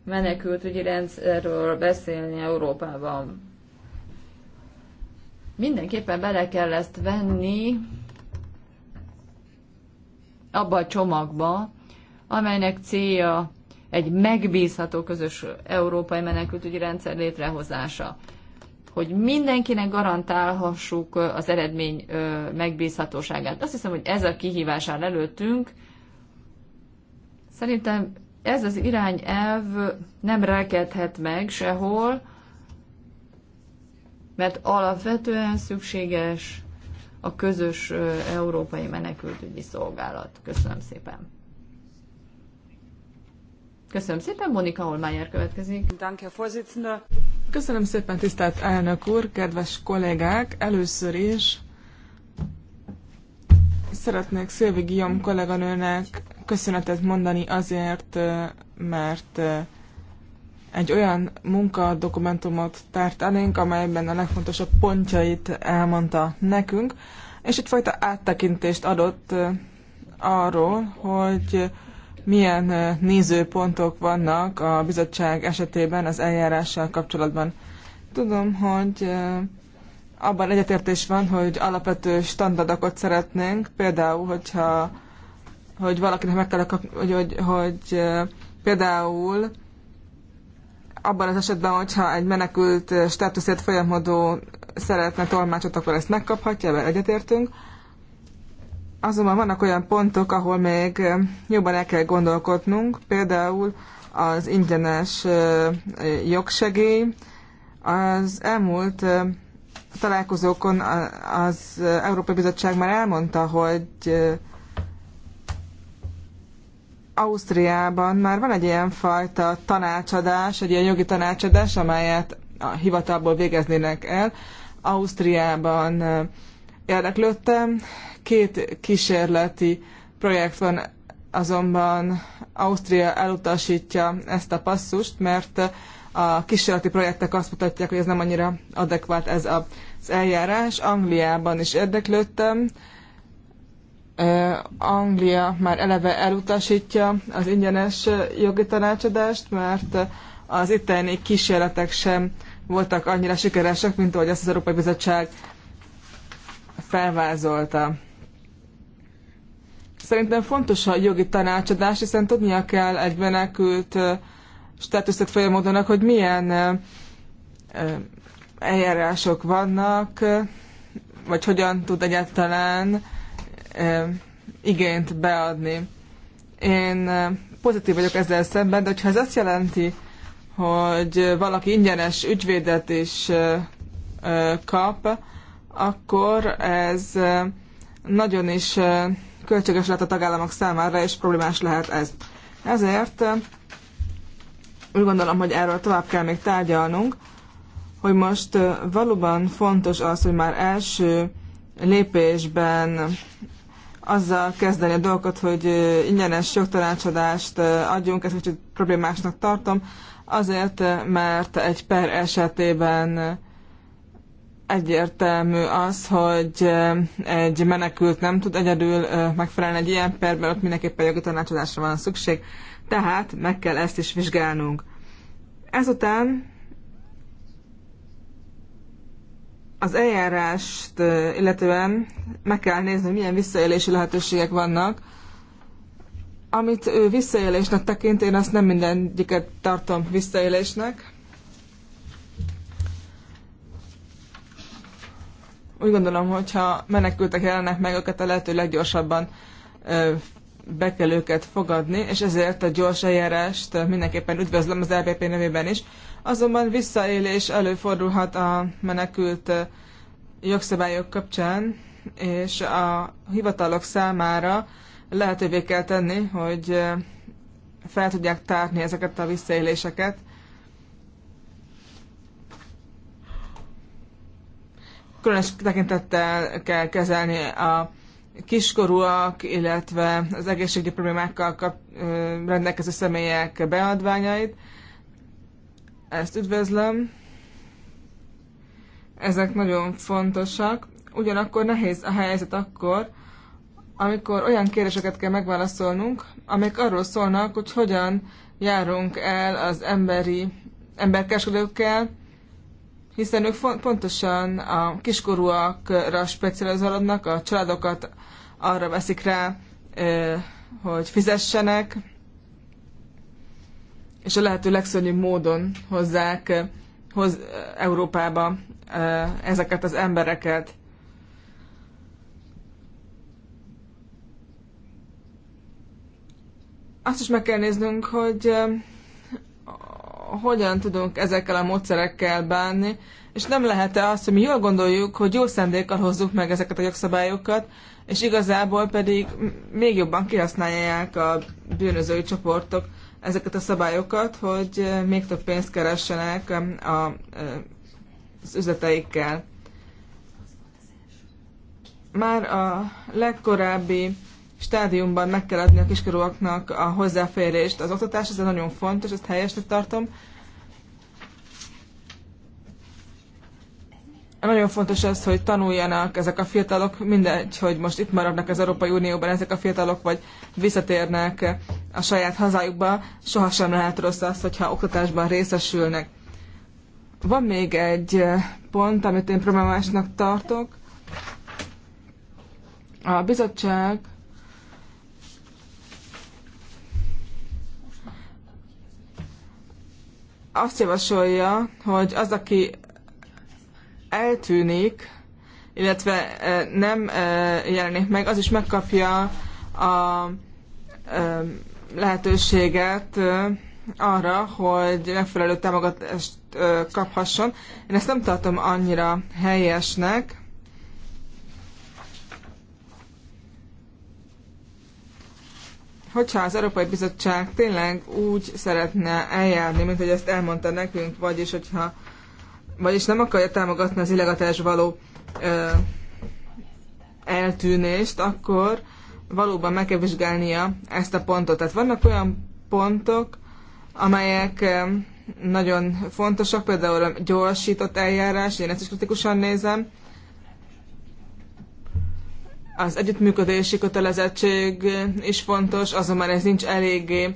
menekültügyi rendszerről beszélni Európában. Mindenképpen bele kell ezt venni abba a csomagba, amelynek célja egy megbízható közös európai menekültügyi rendszer létrehozása. Hogy mindenkinek garantálhassuk az eredmény megbízhatóságát. Azt hiszem, hogy ez a kihívás áll előttünk. Szerintem ez az irányelv nem rekedhet meg sehol, mert alapvetően szükséges a közös európai menekültügyi szolgálat. Köszönöm szépen! Köszönöm szépen, Monika Olmájer következik. Köszönöm szépen, tisztelt elnök úr, kedves kollégák! Először is szeretnék Szilvi Guillaume kolléganőnek köszönetet mondani azért, mert egy olyan munkadokumentumot tárt elénk, amelyben a legfontosabb pontjait elmondta nekünk, és egyfajta áttekintést adott arról, hogy milyen nézőpontok vannak a bizottság esetében az eljárással kapcsolatban. Tudom, hogy abban egyetértés van, hogy alapvető standardokat szeretnénk, például, hogyha hogy valakinek meg kell kapni, hogy, hogy, hogy például abban az esetben, hogyha egy menekült státuszért folyamodó szeretne tolmácsot, akkor ezt megkaphatja, mert egyetértünk. Azonban vannak olyan pontok, ahol még jobban el kell gondolkodnunk, például az ingyenes jogsegély. Az elmúlt találkozókon az Európai Bizottság már elmondta, hogy Ausztriában már van egy ilyen fajta tanácsadás, egy ilyen jogi tanácsadás, amelyet a hivatalból végeznének el. Ausztriában érdeklődtem, Két kísérleti projekt van, azonban Ausztria elutasítja ezt a passzust, mert a kísérleti projektek azt mutatják, hogy ez nem annyira adekvát ez az eljárás. Angliában is érdeklődtem. Anglia már eleve elutasítja az ingyenes jogi tanácsadást, mert az itteni kísérletek sem voltak annyira sikeresek, mint ahogy az Európai Bizottság felvázolta. Szerintem fontos a jogi tanácsadás, hiszen tudnia kell egy menekült Státuszt folyamodónak, hogy milyen eljárások vannak, vagy hogyan tud egyáltalán igényt beadni. Én pozitív vagyok ezzel szemben, de hogyha ez azt jelenti, hogy valaki ingyenes ügyvédet is kap, akkor ez nagyon is költséges lehet a tagállamok számára, és problémás lehet ez. Ezért úgy gondolom, hogy erről tovább kell még tárgyalnunk, hogy most valóban fontos az, hogy már első lépésben azzal kezdeni a dolgot, hogy ingyenes jogtanácsadást adjunk, ezt kicsit problémásnak tartom, azért, mert egy per esetében egyértelmű az, hogy egy menekült nem tud egyedül megfelelni egy ilyen perben, ott mindenképpen jogi tanácsadásra van szükség, tehát meg kell ezt is vizsgálnunk. Ezután az eljárást illetően meg kell nézni, hogy milyen visszaélési lehetőségek vannak. Amit ő visszaélésnek tekint, én azt nem mindegyiket tartom visszaélésnek, úgy gondolom, hogyha menekültek jelennek meg, őket a lehető leggyorsabban be kell őket fogadni, és ezért a gyors eljárást mindenképpen üdvözlöm az LPP nevében is. Azonban visszaélés előfordulhat a menekült jogszabályok kapcsán, és a hivatalok számára lehetővé kell tenni, hogy fel tudják tárni ezeket a visszaéléseket, különös tekintettel kell kezelni a kiskorúak, illetve az egészségügyi problémákkal kap, rendelkező személyek beadványait. Ezt üdvözlöm. Ezek nagyon fontosak. Ugyanakkor nehéz a helyzet akkor, amikor olyan kérdéseket kell megválaszolnunk, amik arról szólnak, hogy hogyan járunk el az emberi emberkereskedőkkel, hiszen ők pontosan a kiskorúakra specializálódnak, a családokat arra veszik rá, hogy fizessenek, és a lehető legszörnyűbb módon hozzák hoz Európába ezeket az embereket. Azt is meg kell néznünk, hogy hogyan tudunk ezekkel a módszerekkel bánni, és nem lehet-e azt, hogy mi jól gondoljuk, hogy jó szándékkal hozzuk meg ezeket a jogszabályokat, és igazából pedig még jobban kihasználják a bűnözői csoportok ezeket a szabályokat, hogy még több pénzt keressenek a, az üzleteikkel. Már a legkorábbi stádiumban meg kell adni a kiskorúaknak a hozzáférést az oktatás, ez nagyon fontos, ezt helyesnek tartom. Nagyon fontos az, hogy tanuljanak ezek a fiatalok, mindegy, hogy most itt maradnak az Európai Unióban ezek a fiatalok, vagy visszatérnek a saját hazájukba, sohasem lehet rossz az, hogyha oktatásban részesülnek. Van még egy pont, amit én problémásnak tartok. A bizottság azt javasolja, hogy az, aki eltűnik, illetve e, nem e, jelenik meg, az is megkapja a e, lehetőséget arra, hogy megfelelő támogatást kaphasson. Én ezt nem tartom annyira helyesnek, Hogyha az Európai Bizottság tényleg úgy szeretne eljárni, mint hogy ezt elmondta nekünk, vagyis hogyha vagyis nem akarja támogatni az illegatás való ö, eltűnést, akkor valóban meg kell vizsgálnia ezt a pontot. Tehát vannak olyan pontok, amelyek nagyon fontosak, például a gyorsított eljárás, én ezt is kritikusan nézem, az együttműködési kötelezettség is fontos, azonban ez nincs eléggé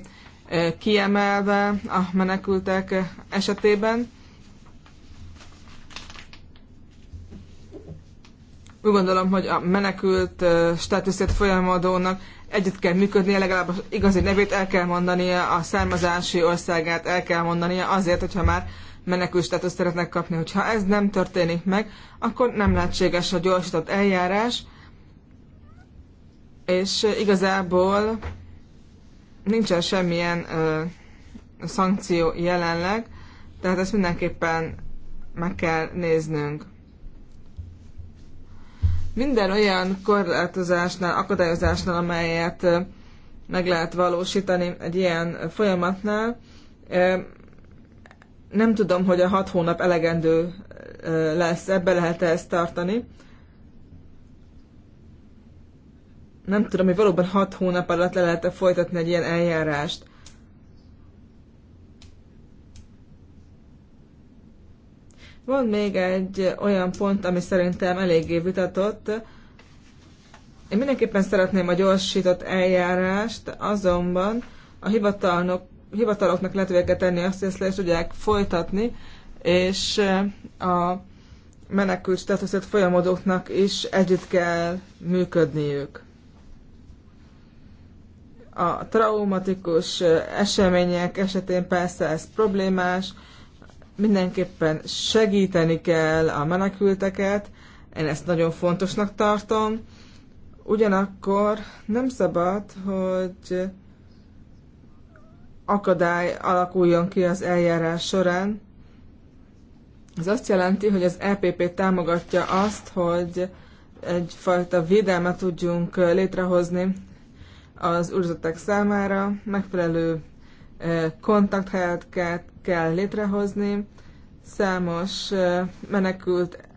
kiemelve a menekültek esetében. Úgy gondolom, hogy a menekült státuszét folyamadónak együtt kell működnie, legalább az igazi nevét el kell mondania, a származási országát el kell mondania azért, hogyha már menekült státuszt szeretnek kapni. Hogyha ez nem történik meg, akkor nem lehetséges a gyorsított eljárás, és igazából nincsen semmilyen ö, szankció jelenleg, tehát ezt mindenképpen meg kell néznünk. Minden olyan korlátozásnál, akadályozásnál, amelyet ö, meg lehet valósítani egy ilyen folyamatnál, ö, nem tudom, hogy a hat hónap elegendő lesz, ebbe lehet -e ezt tartani. nem tudom, hogy valóban hat hónap alatt le lehet-e folytatni egy ilyen eljárást. Van még egy olyan pont, ami szerintem eléggé vitatott. Én mindenképpen szeretném a gyorsított eljárást, azonban a hivatalnok, hivataloknak lehetővé kell tenni azt, hogy ezt le is tudják folytatni, és a menekült státuszért folyamodóknak is együtt kell működniük. A traumatikus események esetén persze ez problémás, mindenképpen segíteni kell a menekülteket, én ezt nagyon fontosnak tartom. Ugyanakkor nem szabad, hogy akadály alakuljon ki az eljárás során. Ez azt jelenti, hogy az EPP támogatja azt, hogy egyfajta védelmet tudjunk létrehozni az üldözöttek számára, megfelelő kontakthelyet kell, kell létrehozni, számos menekült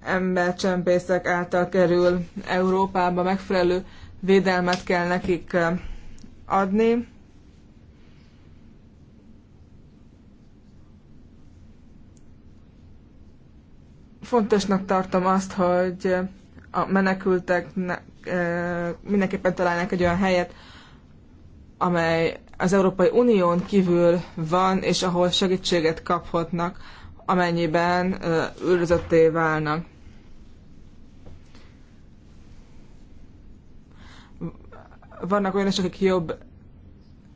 embercsempészek által kerül Európába, megfelelő védelmet kell nekik adni. Fontosnak tartom azt, hogy a menekültek e, mindenképpen találnak egy olyan helyet, amely az Európai Unión kívül van, és ahol segítséget kaphatnak, amennyiben e, őrzötté válnak. Vannak olyanok, akik jobb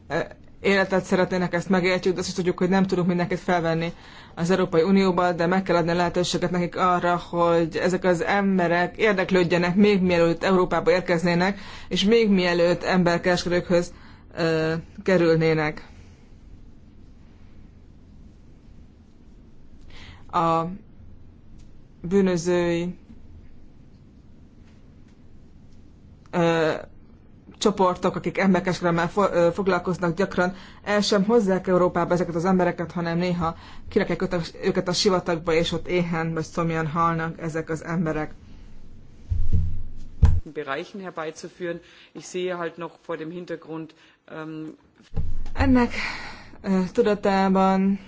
e, életet szeretnének, ezt megértjük, de azt tudjuk, hogy nem tudunk mindenkit felvenni az Európai Unióba, de meg kell adni lehetőséget nekik arra, hogy ezek az emberek érdeklődjenek még mielőtt Európába érkeznének, és még mielőtt emberkereskedőkhöz ö, kerülnének. A bűnözői ö, csoportok, akik emberkeskedelemmel foglalkoznak, gyakran el sem hozzák Európába ezeket az embereket, hanem néha kirakják őket a sivatagba, és ott éhen vagy szomjan halnak ezek az emberek. Bereichen herbeizuführen. Ich sehe halt noch vor dem Hintergrund. Ähm Ennek tudatában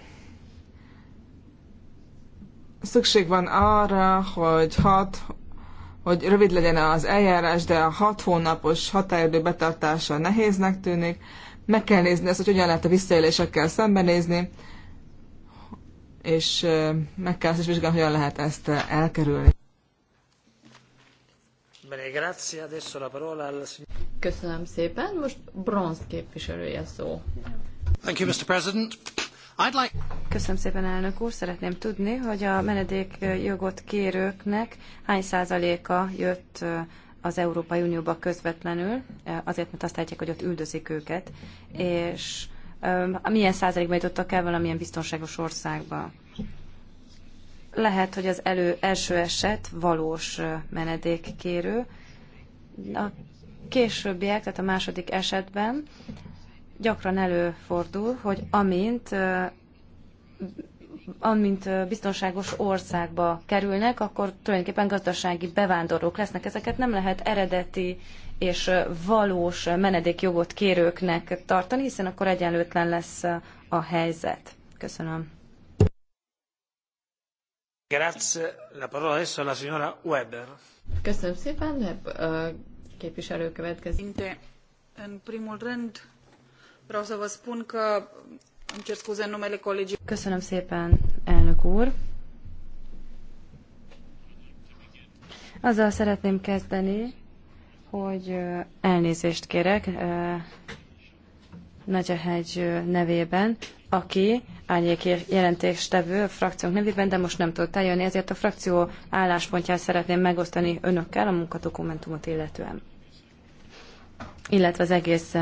szükség van arra, hogy hat hogy rövid legyen az eljárás, de a hat hónapos határidő betartása nehéznek tűnik. Meg kell nézni ezt, hogy hogyan lehet a visszaélésekkel szembenézni, és meg kell azt is vizsgálni, hogyan lehet ezt elkerülni. Köszönöm szépen. Most bronz képviselője szó. Thank you, Mr. President. Like... Köszönöm szépen, elnök úr. Szeretném tudni, hogy a menedékjogot kérőknek hány százaléka jött az Európai Unióba közvetlenül, azért, mert azt látják, hogy ott üldözik őket, és milyen százalékban jutottak el valamilyen biztonságos országba. Lehet, hogy az elő, első eset valós menedékkérő, a későbbiek, tehát a második esetben gyakran előfordul, hogy amint amint biztonságos országba kerülnek, akkor tulajdonképpen gazdasági bevándorlók lesznek. Ezeket nem lehet eredeti és valós menedékjogot kérőknek tartani, hiszen akkor egyenlőtlen lesz a helyzet. Köszönöm. Grazie. La parola adesso alla signora Weber. Köszönöm szépen, képviselő következik. În primul rând, Vreau să vă spun că îmi cer scuze în numele colegii. Köszönöm szépen, elnök úr. Azzal szeretném kezdeni, hogy elnézést kérek Nagyahegy nevében, aki árnyék jelentéstevő a frakciónk nevében, de most nem tudott eljönni, ezért a frakció álláspontját szeretném megosztani önökkel a munkadokumentumot illetően. Illetve az egész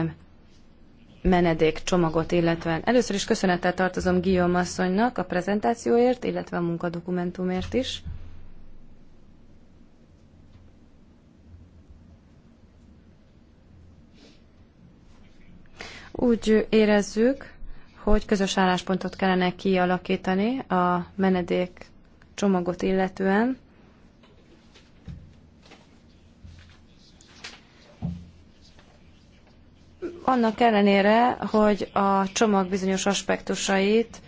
menedékcsomagot, illetve először is köszönettel tartozom Guillaume asszonynak a prezentációért, illetve a munkadokumentumért is. Úgy érezzük, hogy közös álláspontot kellene kialakítani a menedék csomagot illetően. Annak ellenére, hogy a csomag bizonyos aspektusait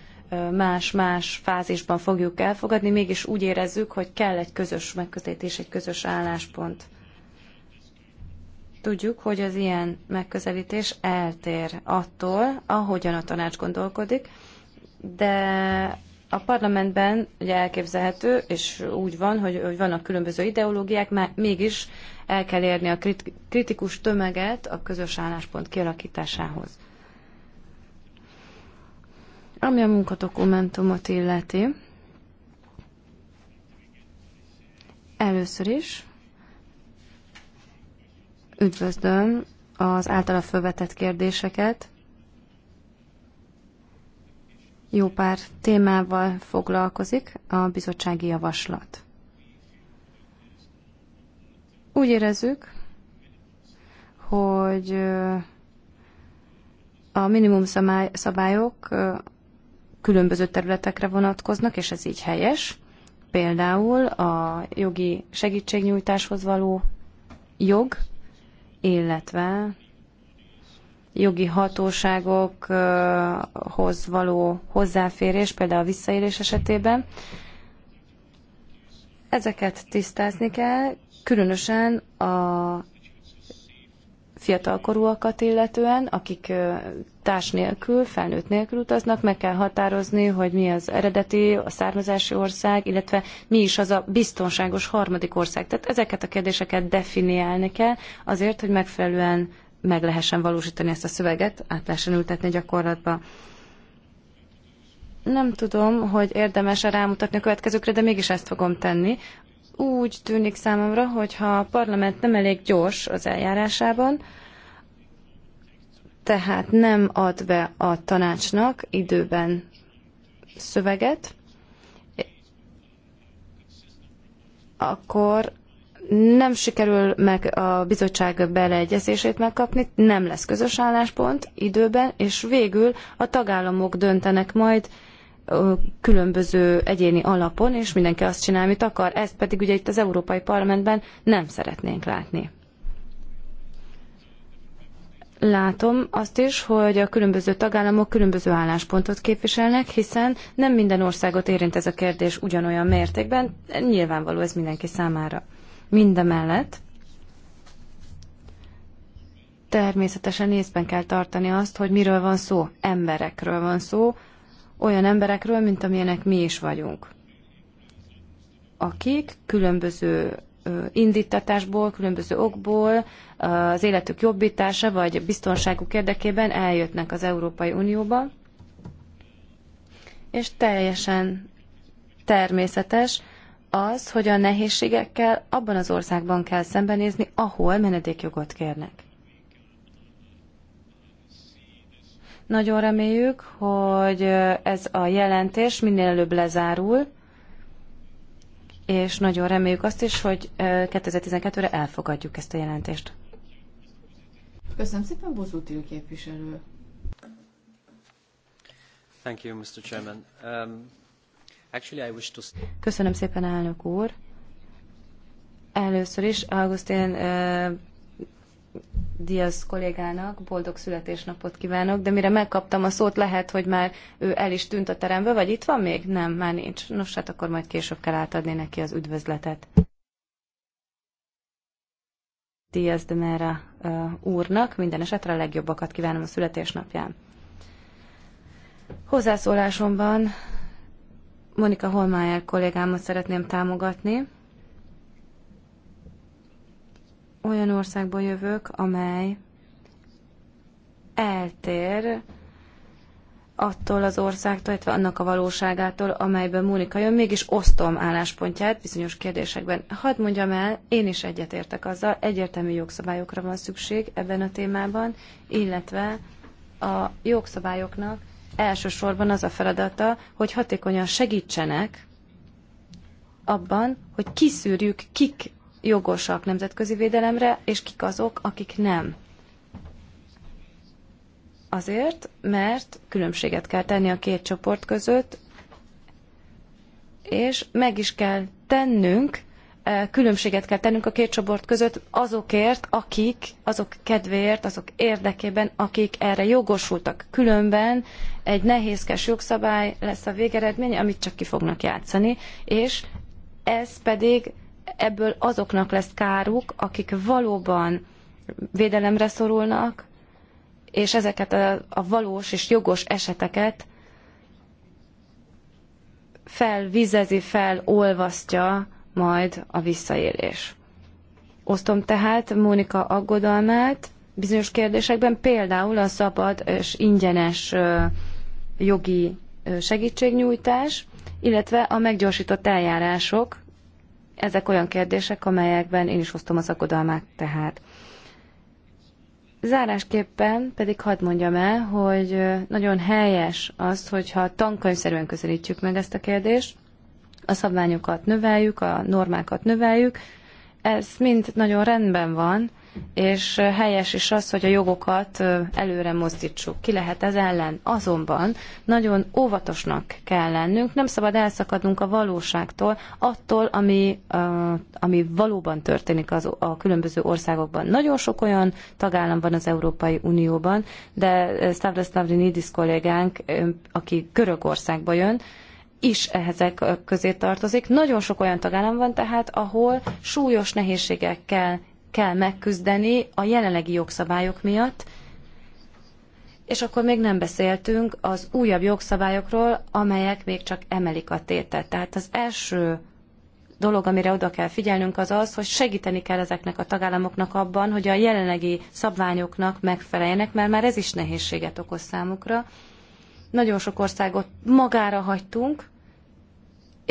más-más fázisban fogjuk elfogadni, mégis úgy érezzük, hogy kell egy közös megközelítés, egy közös álláspont. Tudjuk, hogy az ilyen megközelítés eltér attól, ahogyan a tanács gondolkodik, de a parlamentben ugye elképzelhető, és úgy van, hogy, hogy vannak különböző ideológiák, mégis el kell érni a kritikus tömeget a közös álláspont kialakításához. Ami a munkadokumentumot illeti, először is üdvözlöm az általa felvetett kérdéseket, jó pár témával foglalkozik a bizottsági javaslat. Úgy érezzük, hogy a minimum szabályok különböző területekre vonatkoznak, és ez így helyes. Például a jogi segítségnyújtáshoz való jog, illetve jogi hatóságokhoz való hozzáférés, például a visszaélés esetében. Ezeket tisztázni kell, különösen a fiatalkorúakat illetően, akik társ nélkül, felnőtt nélkül utaznak, meg kell határozni, hogy mi az eredeti, a származási ország, illetve mi is az a biztonságos harmadik ország. Tehát ezeket a kérdéseket definiálni kell azért, hogy megfelelően meg lehessen valósítani ezt a szöveget, át lehessen ültetni gyakorlatba. Nem tudom, hogy érdemes-e rámutatni a következőkre, de mégis ezt fogom tenni. Úgy tűnik számomra, hogy ha a parlament nem elég gyors az eljárásában, tehát nem ad be a tanácsnak időben szöveget, akkor nem sikerül meg a bizottság beleegyezését megkapni, nem lesz közös álláspont időben, és végül a tagállamok döntenek majd különböző egyéni alapon, és mindenki azt csinál, amit akar. Ezt pedig ugye itt az Európai Parlamentben nem szeretnénk látni. Látom azt is, hogy a különböző tagállamok különböző álláspontot képviselnek, hiszen nem minden országot érint ez a kérdés ugyanolyan mértékben, nyilvánvaló ez mindenki számára. Mindemellett természetesen észben kell tartani azt, hogy miről van szó. Emberekről van szó, olyan emberekről, mint amilyenek mi is vagyunk. Akik különböző indítatásból, különböző okból az életük jobbítása vagy biztonságuk érdekében eljöttnek az Európai Unióba, és teljesen természetes, az, hogy a nehézségekkel abban az országban kell szembenézni, ahol menedékjogot kérnek. Nagyon reméljük, hogy ez a jelentés minél előbb lezárul, és nagyon reméljük azt is, hogy 2012-re elfogadjuk ezt a jelentést. Köszönöm szépen, Bozútil képviselő. Thank you, Mr. Chairman. Um... Köszönöm szépen, elnök úr. Először is Augustin uh, Diaz kollégának boldog születésnapot kívánok, de mire megkaptam a szót, lehet, hogy már ő el is tűnt a teremből, vagy itt van még? Nem, már nincs. Nos, hát akkor majd később kell átadni neki az üdvözletet. Diaz de Mera uh, úrnak minden esetre a legjobbakat kívánom a születésnapján. Hozzászólásomban Monika Holmájer kollégámat szeretném támogatni. Olyan országból jövök, amely eltér attól az országtól, illetve annak a valóságától, amelyben Mónika jön, mégis osztom álláspontját bizonyos kérdésekben. Hadd mondjam el, én is egyetértek azzal, egyértelmű jogszabályokra van szükség ebben a témában, illetve a jogszabályoknak elsősorban az a feladata, hogy hatékonyan segítsenek abban, hogy kiszűrjük, kik jogosak nemzetközi védelemre, és kik azok, akik nem. Azért, mert különbséget kell tenni a két csoport között, és meg is kell tennünk különbséget kell tennünk a két csoport között azokért, akik, azok kedvéért, azok érdekében, akik erre jogosultak. Különben egy nehézkes jogszabály lesz a végeredmény, amit csak ki fognak játszani, és ez pedig ebből azoknak lesz káruk, akik valóban védelemre szorulnak, és ezeket a, a valós és jogos eseteket felvizezi, felolvasztja majd a visszaélés. Osztom tehát Mónika aggodalmát bizonyos kérdésekben, például a szabad és ingyenes jogi segítségnyújtás, illetve a meggyorsított eljárások. Ezek olyan kérdések, amelyekben én is osztom az aggodalmát tehát. Zárásképpen pedig hadd mondjam el, hogy nagyon helyes az, hogyha tankönyvszerűen közelítjük meg ezt a kérdést, a szabványokat növeljük, a normákat növeljük. Ez mind nagyon rendben van, és helyes is az, hogy a jogokat előre mozdítsuk. Ki lehet ez ellen? Azonban nagyon óvatosnak kell lennünk, nem szabad elszakadnunk a valóságtól, attól, ami, ami valóban történik az, a különböző országokban. Nagyon sok olyan tagállam van az Európai Unióban, de Stavros Stavrinidis kollégánk, aki Görögországba jön, is ezek közé tartozik. Nagyon sok olyan tagállam van tehát, ahol súlyos nehézségekkel kell megküzdeni a jelenlegi jogszabályok miatt, és akkor még nem beszéltünk az újabb jogszabályokról, amelyek még csak emelik a tétet. Tehát az első dolog, amire oda kell figyelnünk, az az, hogy segíteni kell ezeknek a tagállamoknak abban, hogy a jelenlegi szabványoknak megfeleljenek, mert már ez is nehézséget okoz számukra. Nagyon sok országot magára hagytunk,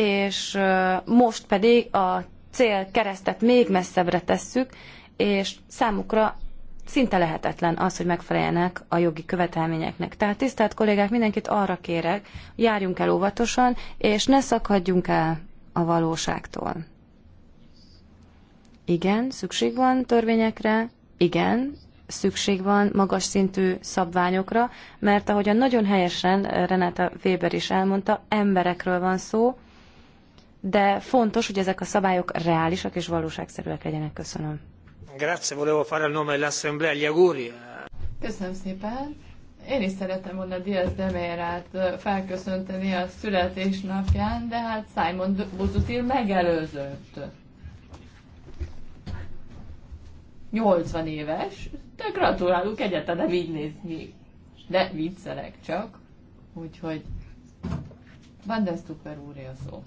és most pedig a cél keresztet még messzebbre tesszük, és számukra szinte lehetetlen az, hogy megfeleljenek a jogi követelményeknek. Tehát tisztelt kollégák, mindenkit arra kérek, járjunk el óvatosan, és ne szakadjunk el a valóságtól. Igen, szükség van törvényekre, igen, szükség van magas szintű szabványokra, mert ahogyan nagyon helyesen Renata Weber is elmondta, emberekről van szó, de fontos, hogy ezek a szabályok reálisak és valóságszerűek legyenek. Köszönöm. Grazie, volevo fare al nome dell'assemblea gli auguri. Köszönöm szépen. Én is szeretem volna Diaz de Meirát felköszönteni a születésnapján, de hát Simon Buzutil megelőzött. 80 éves, de gratulálunk, egyetlen nem így néz ki. De viccelek csak, úgyhogy Van der Stuper úré a szó.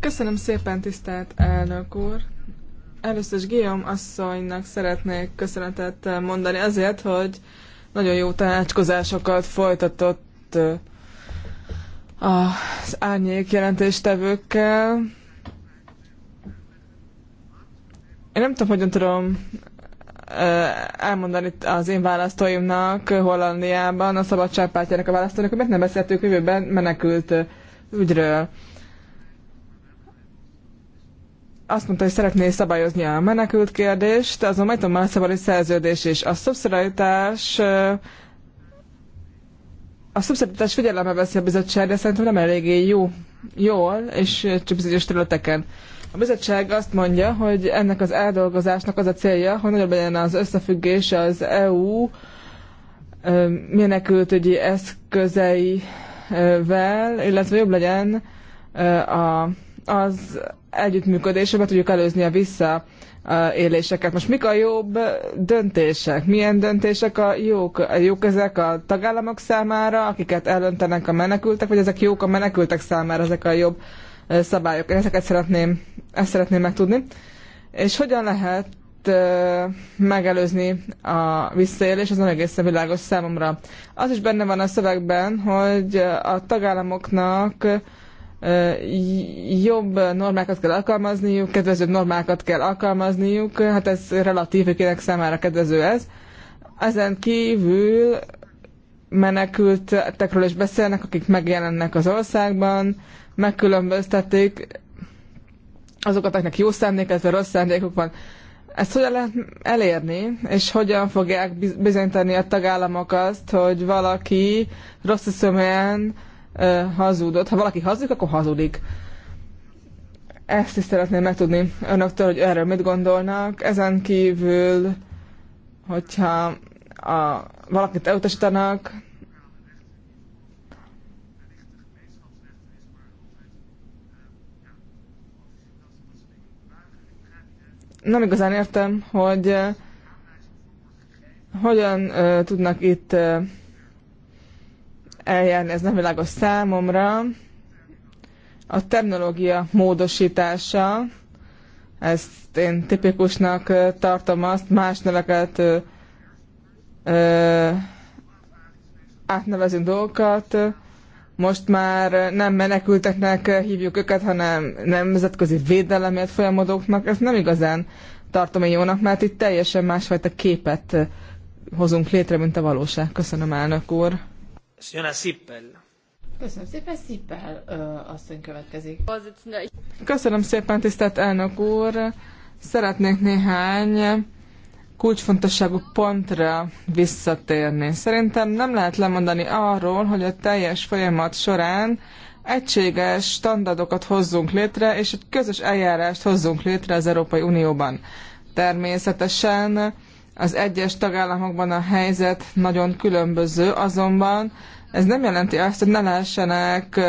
Köszönöm szépen, tisztelt elnök úr! Először is Guillaume asszonynak szeretnék köszönetet mondani azért, hogy nagyon jó tanácskozásokat folytatott az árnyék jelentéstevőkkel. Én nem tudom, hogyan tudom elmondani az én választóimnak Hollandiában, a Szabadságpártjának a választóinak, hogy miért nem beszéltünk jövőben menekült ügyről azt mondta, hogy szeretné szabályozni a menekült kérdést, azon majd a szabadi szerződés is. A szubszidaritás a szubszidaritás figyelembe veszi a bizottság, de szerintem nem eléggé jó, jól, és csak bizonyos területeken. A bizottság azt mondja, hogy ennek az eldolgozásnak az a célja, hogy nagyobb legyen az összefüggés az EU menekültügyi eszközeivel, illetve jobb legyen a az együttműködésre be tudjuk előzni a éléseket. Most mik a jobb döntések? Milyen döntések a jók? Jók ezek a tagállamok számára, akiket elöntenek a menekültek, vagy ezek jók a menekültek számára, ezek a jobb szabályok? Én ezeket szeretném, ezt szeretném megtudni. És hogyan lehet megelőzni a visszaélés, az nem egészen világos számomra. Az is benne van a szövegben, hogy a tagállamoknak jobb normákat kell alkalmazniuk, kedvezőbb normákat kell alkalmazniuk, hát ez relatív, hogy kinek számára kedvező ez. Ezen kívül menekültekről is beszélnek, akik megjelennek az országban, megkülönböztették azokat, akiknek jó szándék, illetve rossz szándékuk van. Ezt hogyan lehet elérni, és hogyan fogják bizonyítani a tagállamok azt, hogy valaki rossz szemben hazudott. Ha valaki hazudik, akkor hazudik. Ezt is szeretném megtudni önöktől, hogy erről mit gondolnak. Ezen kívül, hogyha a, valakit elutasítanak, nem igazán értem, hogy hogyan uh, tudnak itt uh, eljárni, ez nem világos számomra. A terminológia módosítása, ezt én tipikusnak tartom azt, más neveket ö, ö, átnevezünk dolgokat. Most már nem menekülteknek hívjuk őket, hanem nemzetközi védelemért folyamodóknak. Ez nem igazán tartom én jónak, mert itt teljesen másfajta képet hozunk létre, mint a valóság. Köszönöm, elnök úr. Köszönöm szépen, Szippel asszony következik. Köszönöm szépen, tisztelt elnök úr. Szeretnék néhány kulcsfontosságú pontra visszatérni. Szerintem nem lehet lemondani arról, hogy a teljes folyamat során egységes standardokat hozzunk létre, és egy közös eljárást hozzunk létre az Európai Unióban. Természetesen az egyes tagállamokban a helyzet nagyon különböző, azonban ez nem jelenti azt, hogy ne lehessenek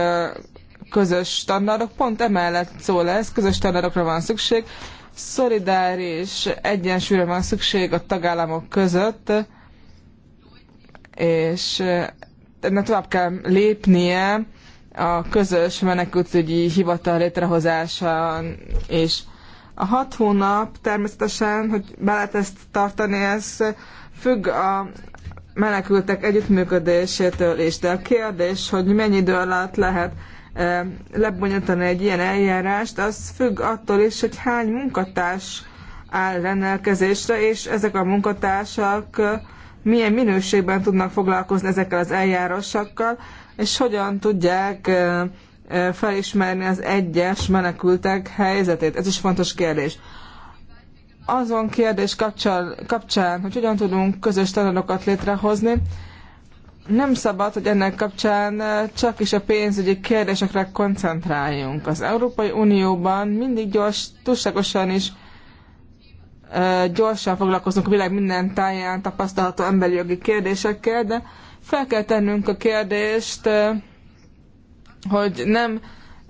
közös standardok, pont emellett szó lesz, közös standardokra van szükség, szolidáris egyensúlyra van szükség a tagállamok között, és ennek tovább kell lépnie a közös menekültügyi hivatal létrehozása és a hat hónap természetesen, hogy be lehet ezt tartani, ez függ a menekültek együttműködésétől is, de a kérdés, hogy mennyi idő alatt lehet e, lebonyolítani egy ilyen eljárást, az függ attól is, hogy hány munkatárs áll rendelkezésre, és ezek a munkatársak e, milyen minőségben tudnak foglalkozni ezekkel az eljárásokkal, és hogyan tudják e, felismerni az egyes menekültek helyzetét? Ez is fontos kérdés. Azon kérdés kapcsán, kapcsán hogy hogyan tudunk közös standardokat létrehozni, nem szabad, hogy ennek kapcsán csak is a pénzügyi kérdésekre koncentráljunk. Az Európai Unióban mindig gyors, túlságosan is gyorsan foglalkozunk a világ minden táján tapasztalható emberi jogi kérdésekkel, de fel kell tennünk a kérdést hogy nem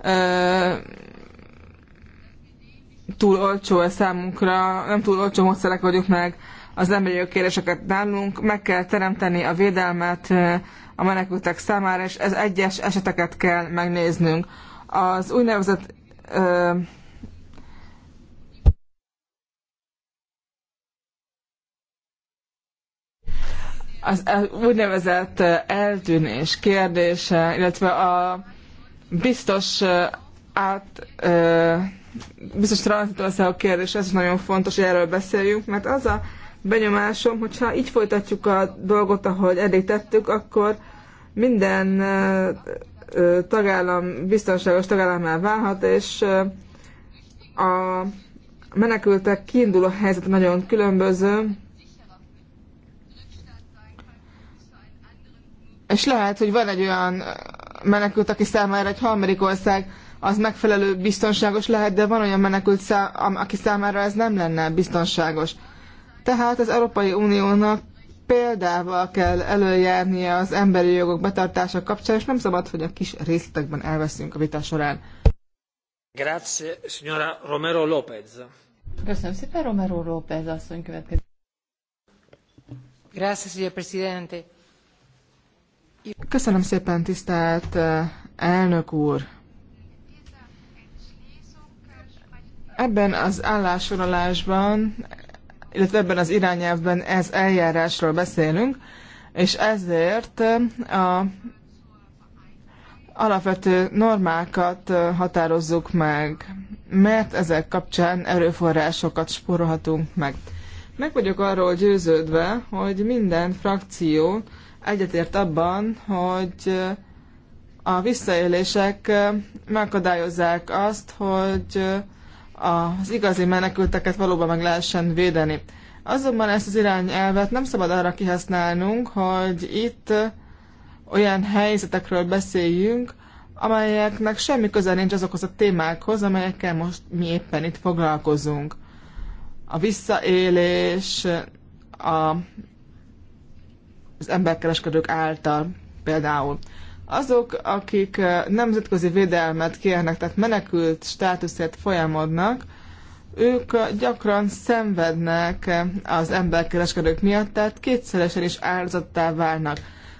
ö, túl olcsó a számunkra, nem túl olcsó módszerek vagyunk meg az emberi kéréseket nálunk, meg kell teremteni a védelmet a menekültek számára, és ez egyes eseteket kell megnéznünk. Az úgynevezett ö, az úgynevezett eltűnés kérdése, illetve a biztos át biztos a kérdés, ez is nagyon fontos, hogy erről beszéljünk, mert az a benyomásom, hogyha így folytatjuk a dolgot, ahogy eddig tettük, akkor minden tagállam biztonságos tagállammá válhat, és a menekültek kiinduló helyzet nagyon különböző, és lehet, hogy van egy olyan menekült, aki számára egy harmadik ország az megfelelő biztonságos lehet, de van olyan menekült, szám, aki számára ez nem lenne biztonságos. Tehát az Európai Uniónak példával kell előjárnia az emberi jogok betartása kapcsán, és nem szabad, hogy a kis részletekben elveszünk a vita során. Grazie, signora Romero López. Köszönöm szépen, Romero López asszony következik. Grazie, signor Presidente. Köszönöm szépen, tisztelt eh, elnök úr! Ebben az állásolásban, illetve ebben az irányelvben ez eljárásról beszélünk, és ezért eh, a alapvető normákat eh, határozzuk meg, mert ezek kapcsán erőforrásokat spórolhatunk meg. Meg vagyok arról győződve, hogy minden frakció egyetért abban, hogy a visszaélések megakadályozzák azt, hogy az igazi menekülteket valóban meg lehessen védeni. Azonban ezt az irányelvet nem szabad arra kihasználnunk, hogy itt olyan helyzetekről beszéljünk, amelyeknek semmi köze nincs azokhoz a témákhoz, amelyekkel most mi éppen itt foglalkozunk. A visszaélés, a az emberkereskedők által például. Azok, akik nemzetközi védelmet kérnek, tehát menekült státuszért folyamodnak, ők gyakran szenvednek az emberkereskedők miatt, tehát kétszeresen is áldozattá válnak.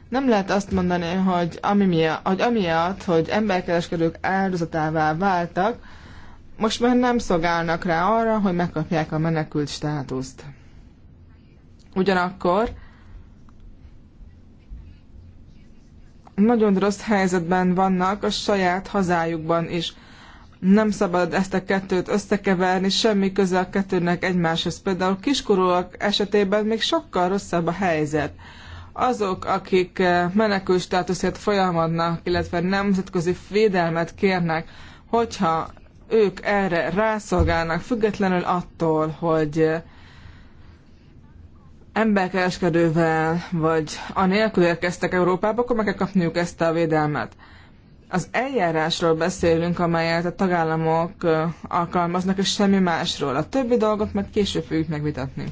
Nem lehet azt mondani, hogy, ami miatt, hogy amiatt, hogy emberkereskedők áldozatává váltak, most már nem szolgálnak rá arra, hogy megkapják a menekült státuszt. Ugyanakkor nagyon rossz helyzetben vannak a saját hazájukban is. Nem szabad ezt a kettőt összekeverni, semmi köze a kettőnek egymáshoz. Például kiskorúak esetében még sokkal rosszabb a helyzet. Azok, akik eh, menekül státuszért folyamodnak, illetve nemzetközi védelmet kérnek, hogyha ők erre rászolgálnak, függetlenül attól, hogy eh, emberkereskedővel, vagy anélkül érkeztek Európába, akkor meg kell kapniuk ezt a védelmet. Az eljárásról beszélünk, amelyet a tagállamok alkalmaznak, és semmi másról. A többi dolgot majd később fogjuk megvitatni.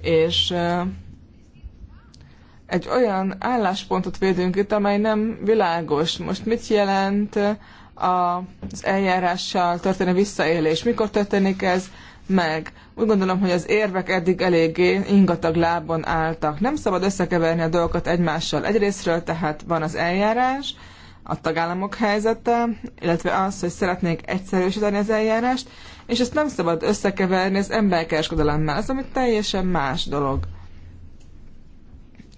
És egy olyan álláspontot védünk itt, amely nem világos. Most mit jelent az eljárással történő visszaélés. Mikor történik ez meg? Úgy gondolom, hogy az érvek eddig eléggé ingatag lábon álltak. Nem szabad összekeverni a dolgokat egymással. Egyrésztről tehát van az eljárás, a tagállamok helyzete, illetve az, hogy szeretnék egyszerűsíteni az eljárást, és ezt nem szabad összekeverni az emberkereskedelemmel, ez ami teljesen más dolog.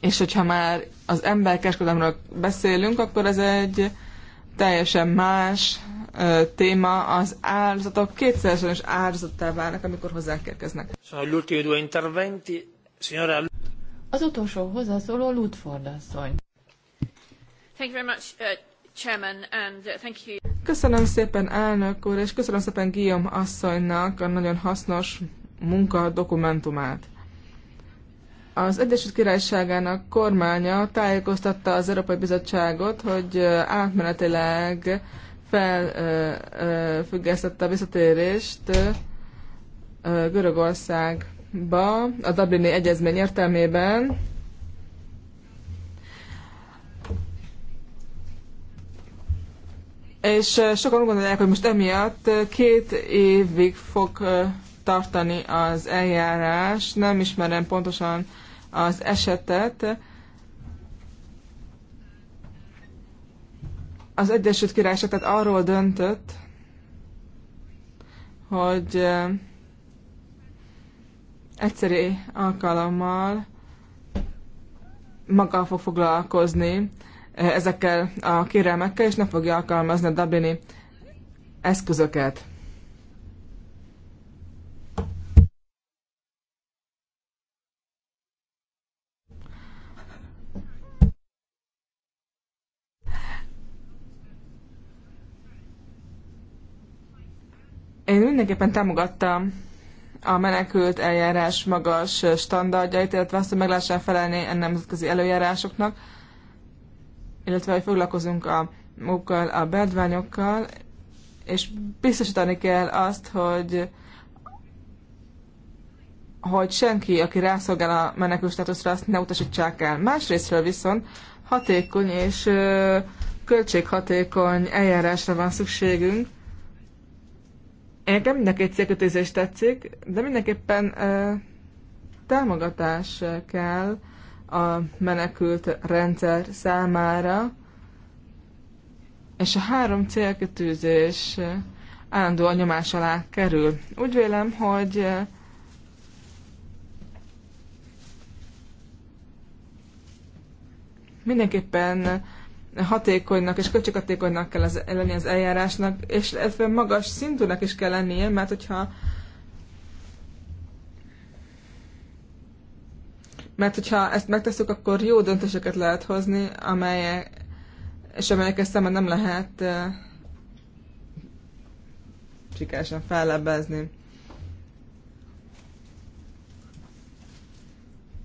És hogyha már az emberkereskedelemről beszélünk, akkor ez egy teljesen más téma, az áldozatok kétszeresen is áldozattá válnak, amikor hozzákérkeznek. Az utolsó hozzászóló Lutford asszony. Thank you very much, uh, Chairman, and uh, thank you. Köszönöm szépen elnök úr, és köszönöm szépen Guillaume asszonynak a nagyon hasznos munka dokumentumát. Az Egyesült Királyságának kormánya tájékoztatta az Európai Bizottságot, hogy átmenetileg felfüggesztette a visszatérést Görögországba a Dublini Egyezmény értelmében. És sokan gondolják, hogy most emiatt két évig fog tartani az eljárás. Nem ismerem pontosan az esetet. Az Egyesült Királyság tehát arról döntött, hogy egyszerű alkalommal maga fog foglalkozni ezekkel a kérelmekkel, és nem fogja alkalmazni a Dublini eszközöket. Én mindenképpen támogattam a menekült eljárás magas standardjait, illetve azt, hogy meg lehessen felelni a nemzetközi előjárásoknak, illetve hogy foglalkozunk a munkkal, a beadványokkal, és biztosítani kell azt, hogy hogy senki, aki rászolgál a menekült státuszra, azt ne utasítsák el. Másrésztről viszont hatékony és költséghatékony eljárásra van szükségünk, Nekem mindenki egy célkötőzés tetszik, de mindenképpen ö, támogatás kell a menekült rendszer számára, és a három célkötőzés állandóan nyomás alá kerül. Úgy vélem, hogy mindenképpen hatékonynak és költséghatékonynak kell az, lenni az eljárásnak, és ebben magas szintűnek is kell lennie, mert hogyha mert hogyha ezt megteszük, akkor jó döntéseket lehet hozni, amelyek, és amelyekkel szemben nem lehet uh, sikeresen fellebbezni.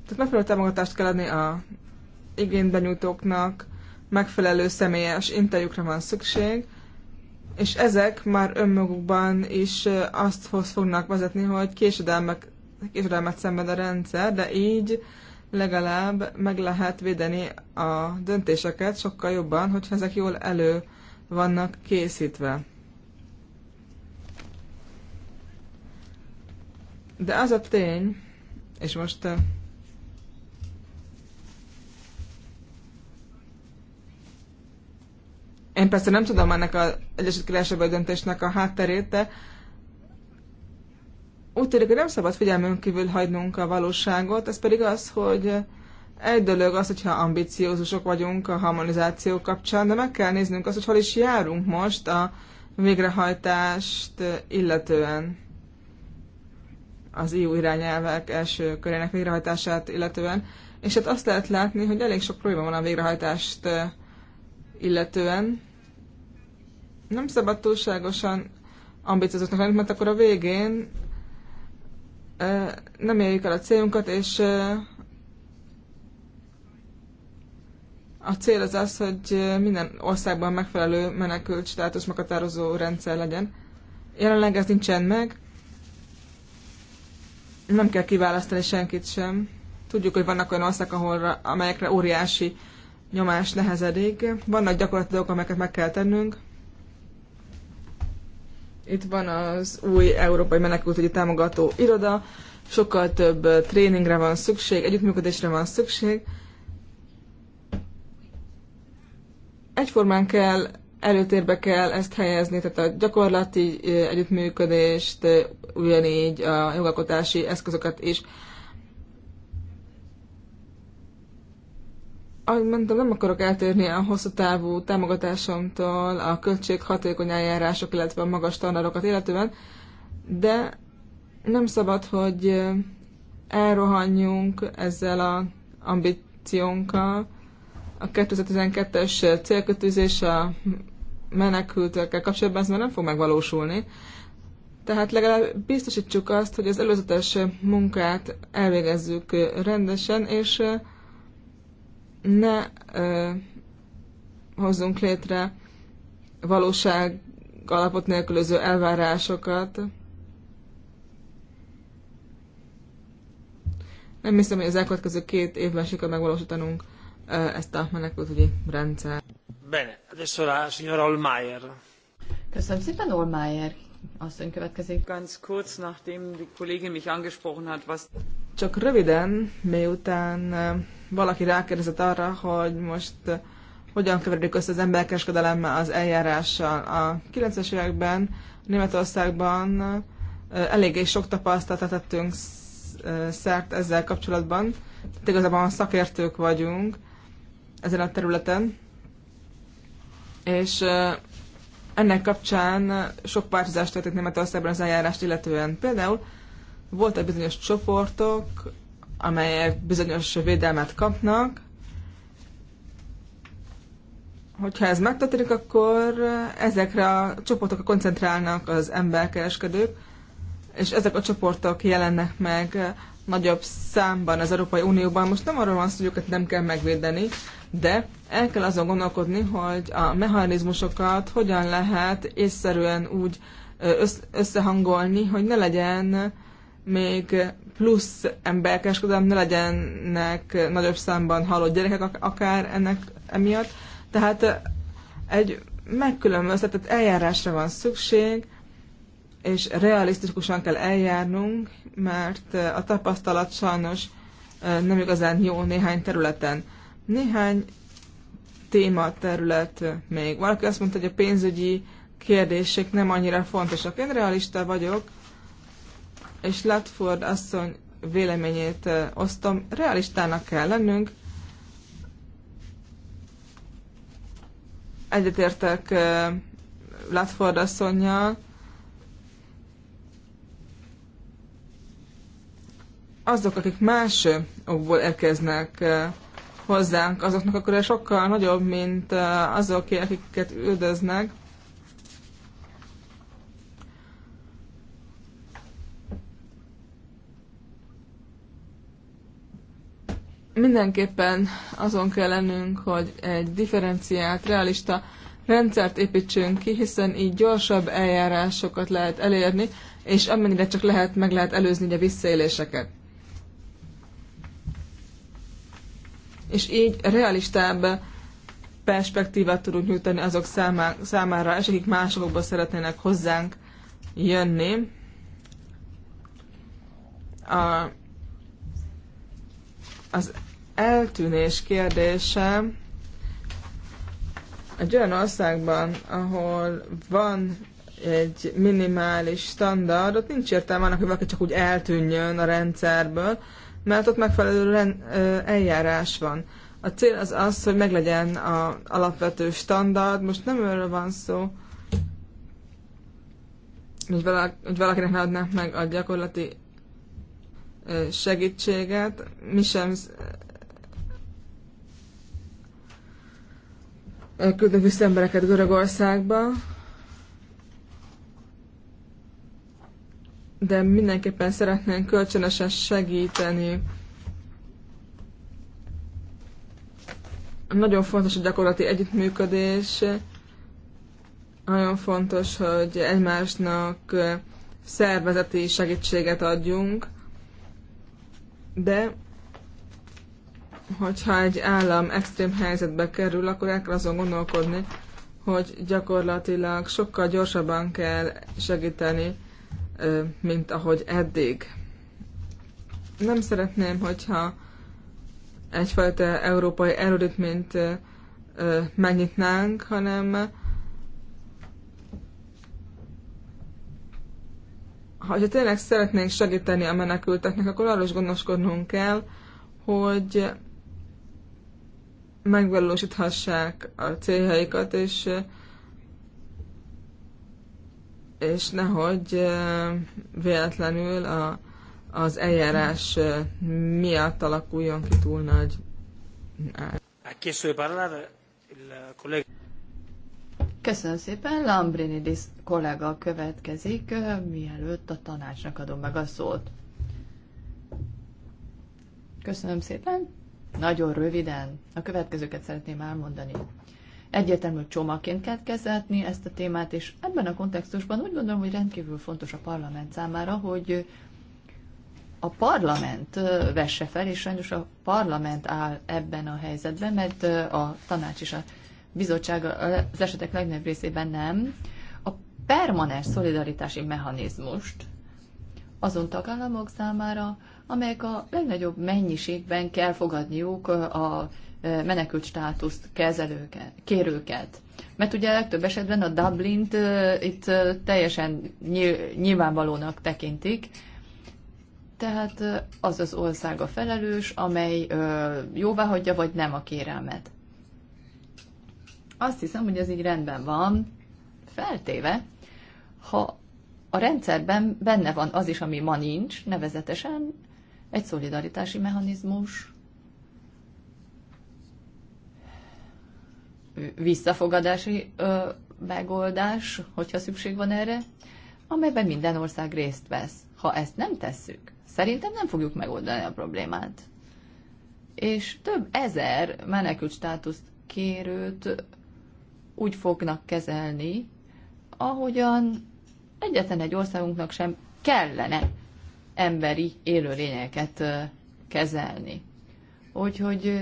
Tehát megfelelő támogatást kell adni a igénybenyújtóknak, megfelelő személyes interjúkra van szükség, és ezek már önmagukban is azt hoz fognak vezetni, hogy késedelmek, késedelmet szenved a rendszer, de így legalább meg lehet védeni a döntéseket sokkal jobban, hogyha ezek jól elő vannak készítve. De az a tény, és most Én persze nem tudom ennek az Egyesült Királyságban döntésnek a hátterét, de úgy tűnik, hogy nem szabad figyelmünk kívül hagynunk a valóságot, ez pedig az, hogy egy dolog az, hogyha ambiciózusok vagyunk a harmonizáció kapcsán, de meg kell néznünk azt, hogy hol is járunk most a végrehajtást illetően. Az EU irányelvek első körének végrehajtását illetően. És hát azt lehet látni, hogy elég sok probléma van a végrehajtást eh, illetően nem szabad túlságosan ambiciózusnak lenni, mert akkor a végén nem érjük el a célunkat, és a cél az az, hogy minden országban megfelelő menekült státusz meghatározó rendszer legyen. Jelenleg ez nincsen meg, nem kell kiválasztani senkit sem. Tudjuk, hogy vannak olyan országok, ahol, amelyekre óriási nyomás nehezedik. Vannak gyakorlati dolgok, amelyeket meg kell tennünk. Itt van az új Európai Menekültügyi Támogató Iroda, sokkal több tréningre van szükség, együttműködésre van szükség. Egyformán kell, előtérbe kell ezt helyezni, tehát a gyakorlati együttműködést, ugyanígy a jogalkotási eszközöket is ahogy mondtam, nem akarok eltérni a hosszú távú támogatásomtól, a költség hatékony eljárások, illetve a magas tanárokat illetően, de nem szabad, hogy elrohanjunk ezzel a ambíciónkkal. A 2012-es célkötőzés a menekültekkel kapcsolatban ez már nem fog megvalósulni. Tehát legalább biztosítsuk azt, hogy az előzetes munkát elvégezzük rendesen, és ne ö, hozzunk létre valóság alapot nélkülöző elvárásokat. Nem hiszem, hogy az elkövetkező két évben sikerül megvalósítanunk ezt a menekültügyi rendszer. Bene, adesso la signora Olmayer. Köszönöm szépen, Olmayer. Asszony következik. Ganz kurz, nachdem die Kollegin mich angesprochen hat, was... Csak röviden, miután valaki rákérdezett arra, hogy most eh, hogyan keveredik össze az emberkereskedelemmel az eljárással. A 90-es években Németországban eh, eléggé sok tapasztalatot tettünk eh, szert ezzel kapcsolatban. Tehát igazából szakértők vagyunk ezen a területen. És ennek kapcsán sok változást történt Németországban az eljárást illetően. Például voltak bizonyos csoportok, amelyek bizonyos védelmet kapnak. Hogyha ez megtörténik, akkor ezekre a csoportokra koncentrálnak az emberkereskedők, és ezek a csoportok jelennek meg nagyobb számban az Európai Unióban. Most nem arról van szó, hogy őket nem kell megvédeni, de el kell azon gondolkodni, hogy a mechanizmusokat hogyan lehet észszerűen úgy összehangolni, hogy ne legyen még plusz emberkereskedelem, ne legyenek nagyobb számban halott gyerekek akár ennek emiatt. Tehát egy megkülönböztetett eljárásra van szükség, és realisztikusan kell eljárnunk, mert a tapasztalat sajnos nem igazán jó néhány területen. Néhány téma terület még. Valaki azt mondta, hogy a pénzügyi kérdések nem annyira fontosak. Én realista vagyok, és Latford asszony véleményét osztom, realistának kell lennünk. Egyetértek Latford asszonynal. Azok, akik más okból érkeznek hozzánk, azoknak akkor sokkal nagyobb, mint azok, akiket üldöznek. Mindenképpen azon kell lennünk, hogy egy differenciált, realista rendszert építsünk ki, hiszen így gyorsabb eljárásokat lehet elérni, és amennyire csak lehet, meg lehet előzni a visszaéléseket. És így realistább perspektívát tudunk nyújtani azok számá, számára, és akik másokból szeretnének hozzánk jönni. A, az eltűnés kérdése egy olyan országban, ahol van egy minimális standard, ott nincs értelme annak, hogy valaki csak úgy eltűnjön a rendszerből, mert ott megfelelő eljárás van. A cél az az, hogy meglegyen az alapvető standard, most nem erről van szó, hogy, valakinek ne adnák meg a gyakorlati segítséget. Mi sem küldünk vissza embereket Görögországba, de mindenképpen szeretnénk kölcsönösen segíteni. Nagyon fontos a gyakorlati együttműködés, nagyon fontos, hogy egymásnak szervezeti segítséget adjunk, de hogyha egy állam extrém helyzetbe kerül, akkor el kell azon gondolkodni, hogy gyakorlatilag sokkal gyorsabban kell segíteni, mint ahogy eddig. Nem szeretném, hogyha egyfajta európai erődítményt mint megnyitnánk, hanem ha tényleg szeretnénk segíteni a menekülteknek, akkor arról is gondoskodnunk kell, hogy megvalósíthassák a céljaikat, és, és nehogy véletlenül a, az eljárás miatt alakuljon ki túl nagy Köszönöm szépen. Lambrinidis kollega következik, mielőtt a tanácsnak adom meg a szót. Köszönöm szépen. Nagyon röviden a következőket szeretném elmondani. Egyértelmű csomagként kell kezelni ezt a témát, és ebben a kontextusban úgy gondolom, hogy rendkívül fontos a parlament számára, hogy a parlament vesse fel, és sajnos a parlament áll ebben a helyzetben, mert a tanács és a bizottság az esetek legnagyobb részében nem, a permanens szolidaritási mechanizmust azon tagállamok számára, amelyek a legnagyobb mennyiségben kell fogadniuk a menekült státuszt kezelőket, kérőket. Mert ugye a legtöbb esetben a Dublint itt teljesen nyilvánvalónak tekintik, tehát az az ország a felelős, amely jóváhagyja vagy nem a kérelmet. Azt hiszem, hogy ez így rendben van, feltéve, ha a rendszerben benne van az is, ami ma nincs, nevezetesen egy szolidaritási mechanizmus, visszafogadási ö, megoldás, hogyha szükség van erre, amelyben minden ország részt vesz. Ha ezt nem tesszük, szerintem nem fogjuk megoldani a problémát. És több ezer menekült státuszt kérőt úgy fognak kezelni, ahogyan egyetlen egy országunknak sem kellene emberi élőlényeket kezelni. Úgyhogy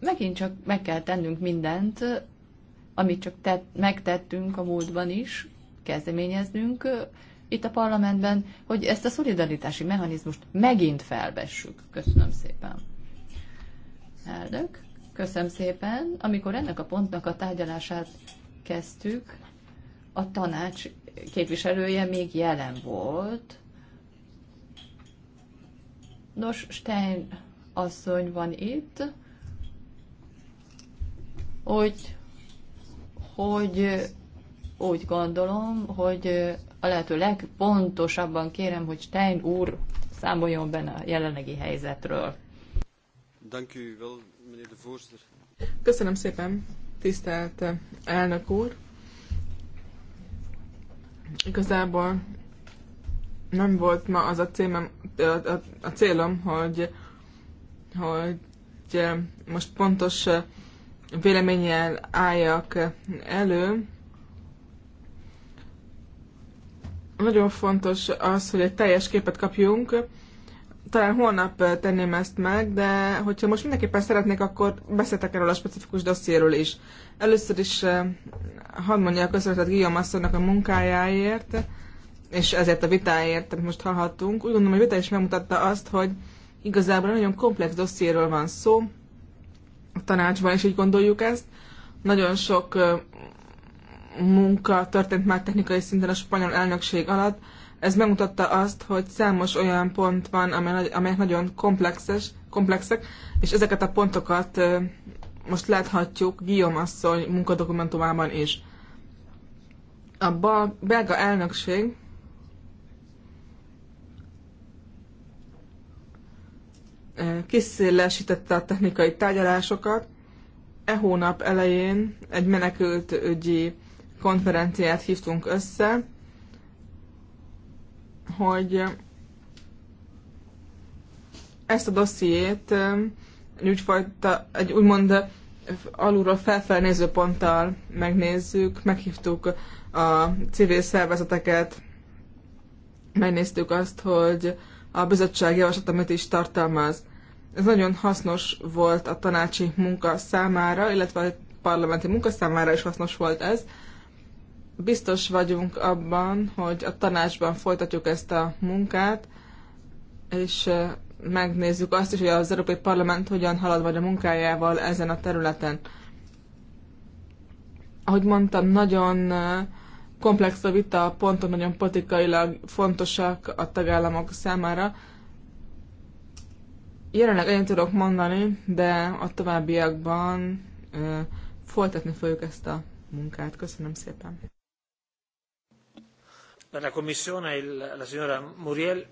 megint csak meg kell tennünk mindent, amit csak tett, megtettünk a múltban is, kezdeményeznünk itt a parlamentben, hogy ezt a szolidaritási mechanizmust megint felvessük. Köszönöm szépen. Elnök, köszönöm szépen. Amikor ennek a pontnak a tárgyalását kezdtük, a tanács képviselője még jelen volt, Nos, Stein asszony van itt, úgy, hogy úgy gondolom, hogy a lehető legpontosabban kérem, hogy Stein úr számoljon benne a jelenlegi helyzetről. Köszönöm szépen, tisztelt elnök úr. Igazából nem volt ma az a, címem, a, a célom, hogy, hogy most pontos véleménnyel álljak elő. Nagyon fontos az, hogy egy teljes képet kapjunk. Talán holnap tenném ezt meg, de hogyha most mindenképpen szeretnék, akkor beszéltek erről a specifikus dossziéről is. Először is hadd a köszönetet Guillaume asszonynak a munkájáért és ezért a vitáért, amit most hallhattunk. Úgy gondolom, hogy a vita is megmutatta azt, hogy igazából nagyon komplex dossziéről van szó, a tanácsban is így gondoljuk ezt. Nagyon sok munka történt már technikai szinten a spanyol elnökség alatt. Ez megmutatta azt, hogy számos olyan pont van, amelyek nagyon komplexes, komplexek, és ezeket a pontokat most láthatjuk Guillaume asszony munkadokumentumában is. A belga elnökség kiszélesítette a technikai tárgyalásokat. E hónap elején egy menekült ügyi konferenciát hívtunk össze, hogy ezt a dossziét egy úgyfajta, egy úgymond alulról felfelé ponttal megnézzük, meghívtuk a civil szervezeteket, megnéztük azt, hogy a bizottság javaslat, amit is tartalmaz. Ez nagyon hasznos volt a tanácsi munka számára, illetve a parlamenti munka számára is hasznos volt ez. Biztos vagyunk abban, hogy a tanácsban folytatjuk ezt a munkát, és megnézzük azt is, hogy az Európai Parlament hogyan halad vagy a munkájával ezen a területen. Ahogy mondtam, nagyon komplex a vita, pontok nagyon politikailag fontosak a tagállamok számára. Jelenleg ennyit tudok mondani, de a továbbiakban ö, folytatni fogjuk ezt a munkát. Köszönöm szépen. La la signora Muriel.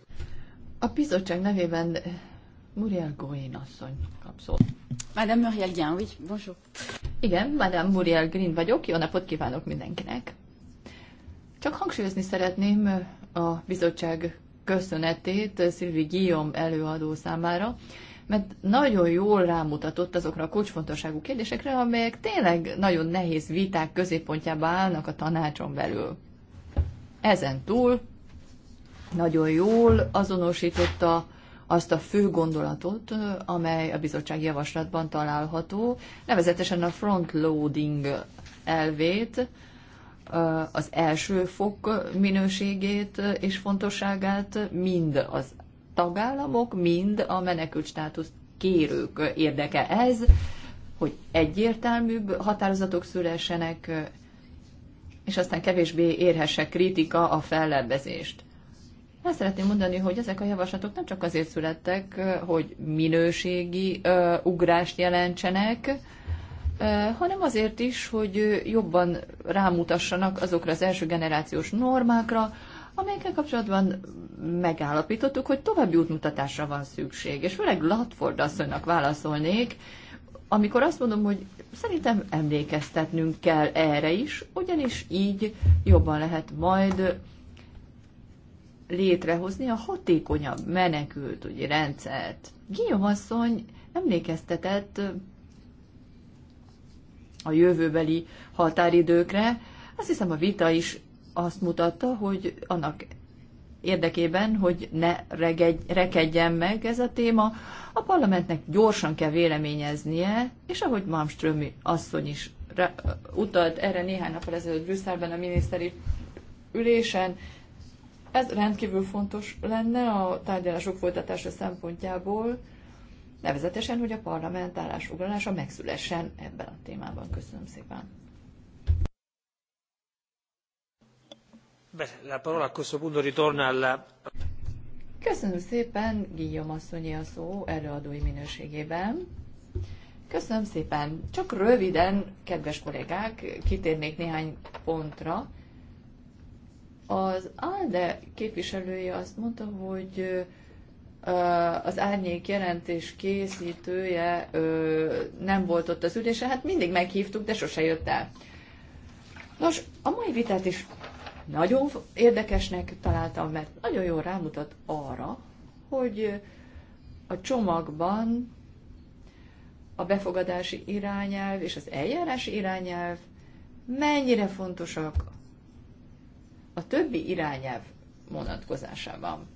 A bizottság nevében Muriel Goin asszony kap szót. Madame Muriel Green, oui, bonjour. Igen, Madame Muriel Green vagyok. Jó napot kívánok mindenkinek. Csak hangsúlyozni szeretném a bizottság köszönetét Szilvi Guillaume előadó számára, mert nagyon jól rámutatott azokra a kulcsfontosságú kérdésekre, amelyek tényleg nagyon nehéz viták középpontjába állnak a tanácson belül. Ezen túl nagyon jól azonosította azt a fő gondolatot, amely a bizottság javaslatban található, nevezetesen a frontloading elvét, az első fok minőségét és fontosságát mind az tagállamok, mind a menekült státusz kérők érdeke ez, hogy egyértelműbb határozatok szülessenek, és aztán kevésbé érhesse kritika a fellebbezést. Ezt szeretném mondani, hogy ezek a javaslatok nem csak azért születtek, hogy minőségi ugrást jelentsenek, hanem azért is, hogy jobban rámutassanak azokra az első generációs normákra, amelyekkel kapcsolatban megállapítottuk, hogy további útmutatásra van szükség. És főleg Latford asszonynak válaszolnék, amikor azt mondom, hogy szerintem emlékeztetnünk kell erre is, ugyanis így jobban lehet majd létrehozni a hatékonyabb menekült- ugye, rendszert. Guillaume asszony emlékeztetett a jövőbeli határidőkre. Azt hiszem a vita is azt mutatta, hogy annak érdekében, hogy ne regegy, rekedjen meg ez a téma, a parlamentnek gyorsan kell véleményeznie, és ahogy Malmström asszony is utalt erre néhány nap ezelőtt Brüsszelben a miniszteri ülésen, ez rendkívül fontos lenne a tárgyalások folytatása szempontjából, nevezetesen, hogy a parlament állásfoglalása megszülessen ebben a témában. Köszönöm szépen. Köszönöm szépen Gíjom asszonyi a szó előadói minőségében. Köszönöm szépen. Csak röviden, kedves kollégák, kitérnék néhány pontra. Az ALDE képviselője azt mondta, hogy az árnyék jelentés készítője nem volt ott az ülésen, hát mindig meghívtuk, de sose jött el. Nos, a mai vitát is nagyon érdekesnek találtam, mert nagyon jól rámutat arra, hogy a csomagban a befogadási irányelv és az eljárási irányelv mennyire fontosak a többi irányelv vonatkozásában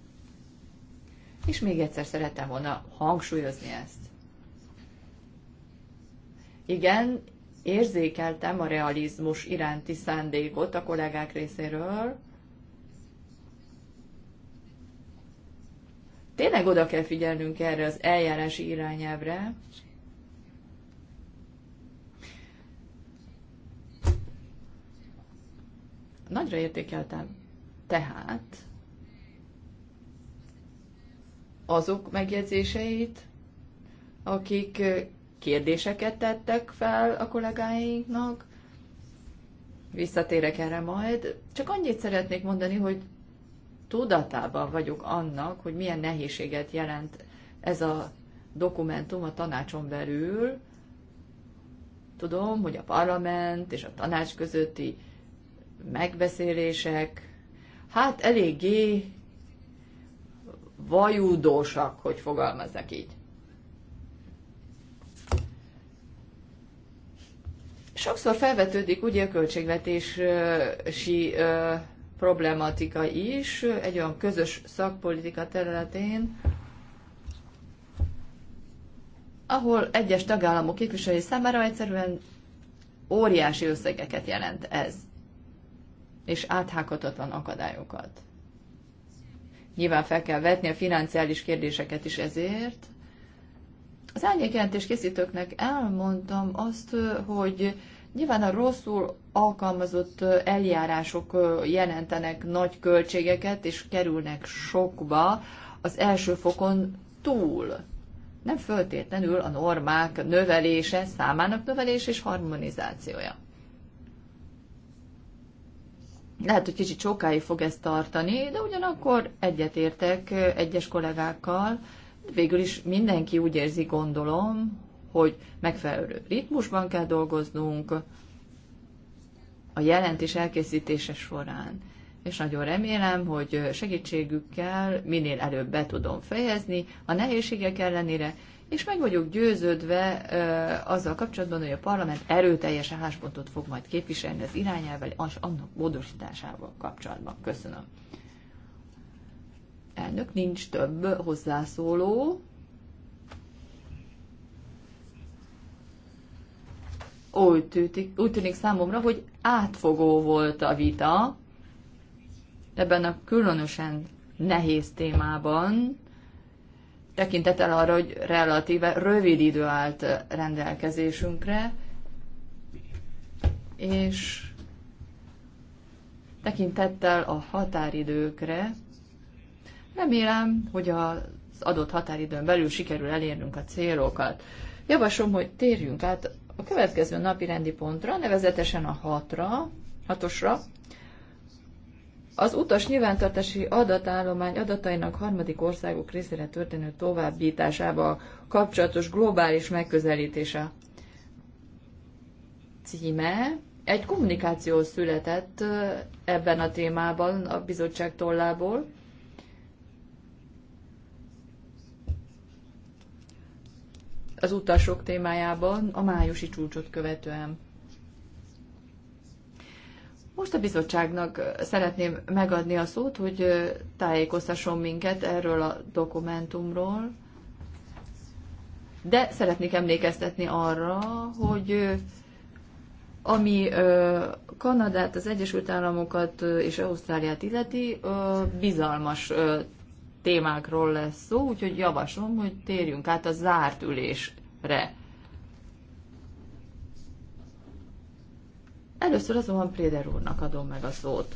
és még egyszer szerettem volna hangsúlyozni ezt. Igen, érzékeltem a realizmus iránti szándékot a kollégák részéről. Tényleg oda kell figyelnünk erre az eljárási irányelvre. Nagyra értékeltem tehát azok megjegyzéseit, akik kérdéseket tettek fel a kollégáinknak. Visszatérek erre majd. Csak annyit szeretnék mondani, hogy tudatában vagyok annak, hogy milyen nehézséget jelent ez a dokumentum a tanácson belül. Tudom, hogy a parlament és a tanács közötti megbeszélések, hát eléggé vajúdósak, hogy fogalmazzak így. Sokszor felvetődik ugye a költségvetési problematika is egy olyan közös szakpolitika területén, ahol egyes tagállamok képviselői számára egyszerűen óriási összegeket jelent ez, és áthághatatlan akadályokat. Nyilván fel kell vetni a financiális kérdéseket is ezért. Az árnyékjelentés készítőknek elmondtam azt, hogy nyilván a rosszul alkalmazott eljárások jelentenek nagy költségeket, és kerülnek sokba az első fokon túl. Nem föltétlenül a normák növelése, számának növelése és harmonizációja. Lehet, hogy kicsit sokáig fog ezt tartani, de ugyanakkor egyetértek egyes kollégákkal. Végül is mindenki úgy érzi, gondolom, hogy megfelelő ritmusban kell dolgoznunk a jelentés elkészítése során. És nagyon remélem, hogy segítségükkel minél előbb be tudom fejezni a nehézségek ellenére, és meg vagyok győződve ö, azzal kapcsolatban, hogy a parlament erőteljesen háspontot fog majd képviselni az irányelvel és annak módosításával kapcsolatban. Köszönöm. Elnök, nincs több hozzászóló. Úgy tűnik, úgy tűnik számomra, hogy átfogó volt a vita ebben a különösen nehéz témában, tekintettel arra, hogy relatíve rövid idő állt rendelkezésünkre, és tekintettel a határidőkre, remélem, hogy az adott határidőn belül sikerül elérnünk a célokat. Javaslom, hogy térjünk át a következő napi rendi pontra, nevezetesen a hatra, hatosra, az utas nyilvántartási adatállomány adatainak harmadik országok részére történő továbbításába kapcsolatos globális megközelítése címe. Egy kommunikáció született ebben a témában a bizottság tollából. Az utasok témájában a májusi csúcsot követően. Most a bizottságnak szeretném megadni a szót, hogy tájékoztasson minket erről a dokumentumról, de szeretnék emlékeztetni arra, hogy ami Kanadát, az Egyesült Államokat és Ausztráliát illeti, bizalmas témákról lesz szó, úgyhogy javaslom, hogy térjünk át a zárt ülésre. Először azonban Préder úrnak adom meg a szót.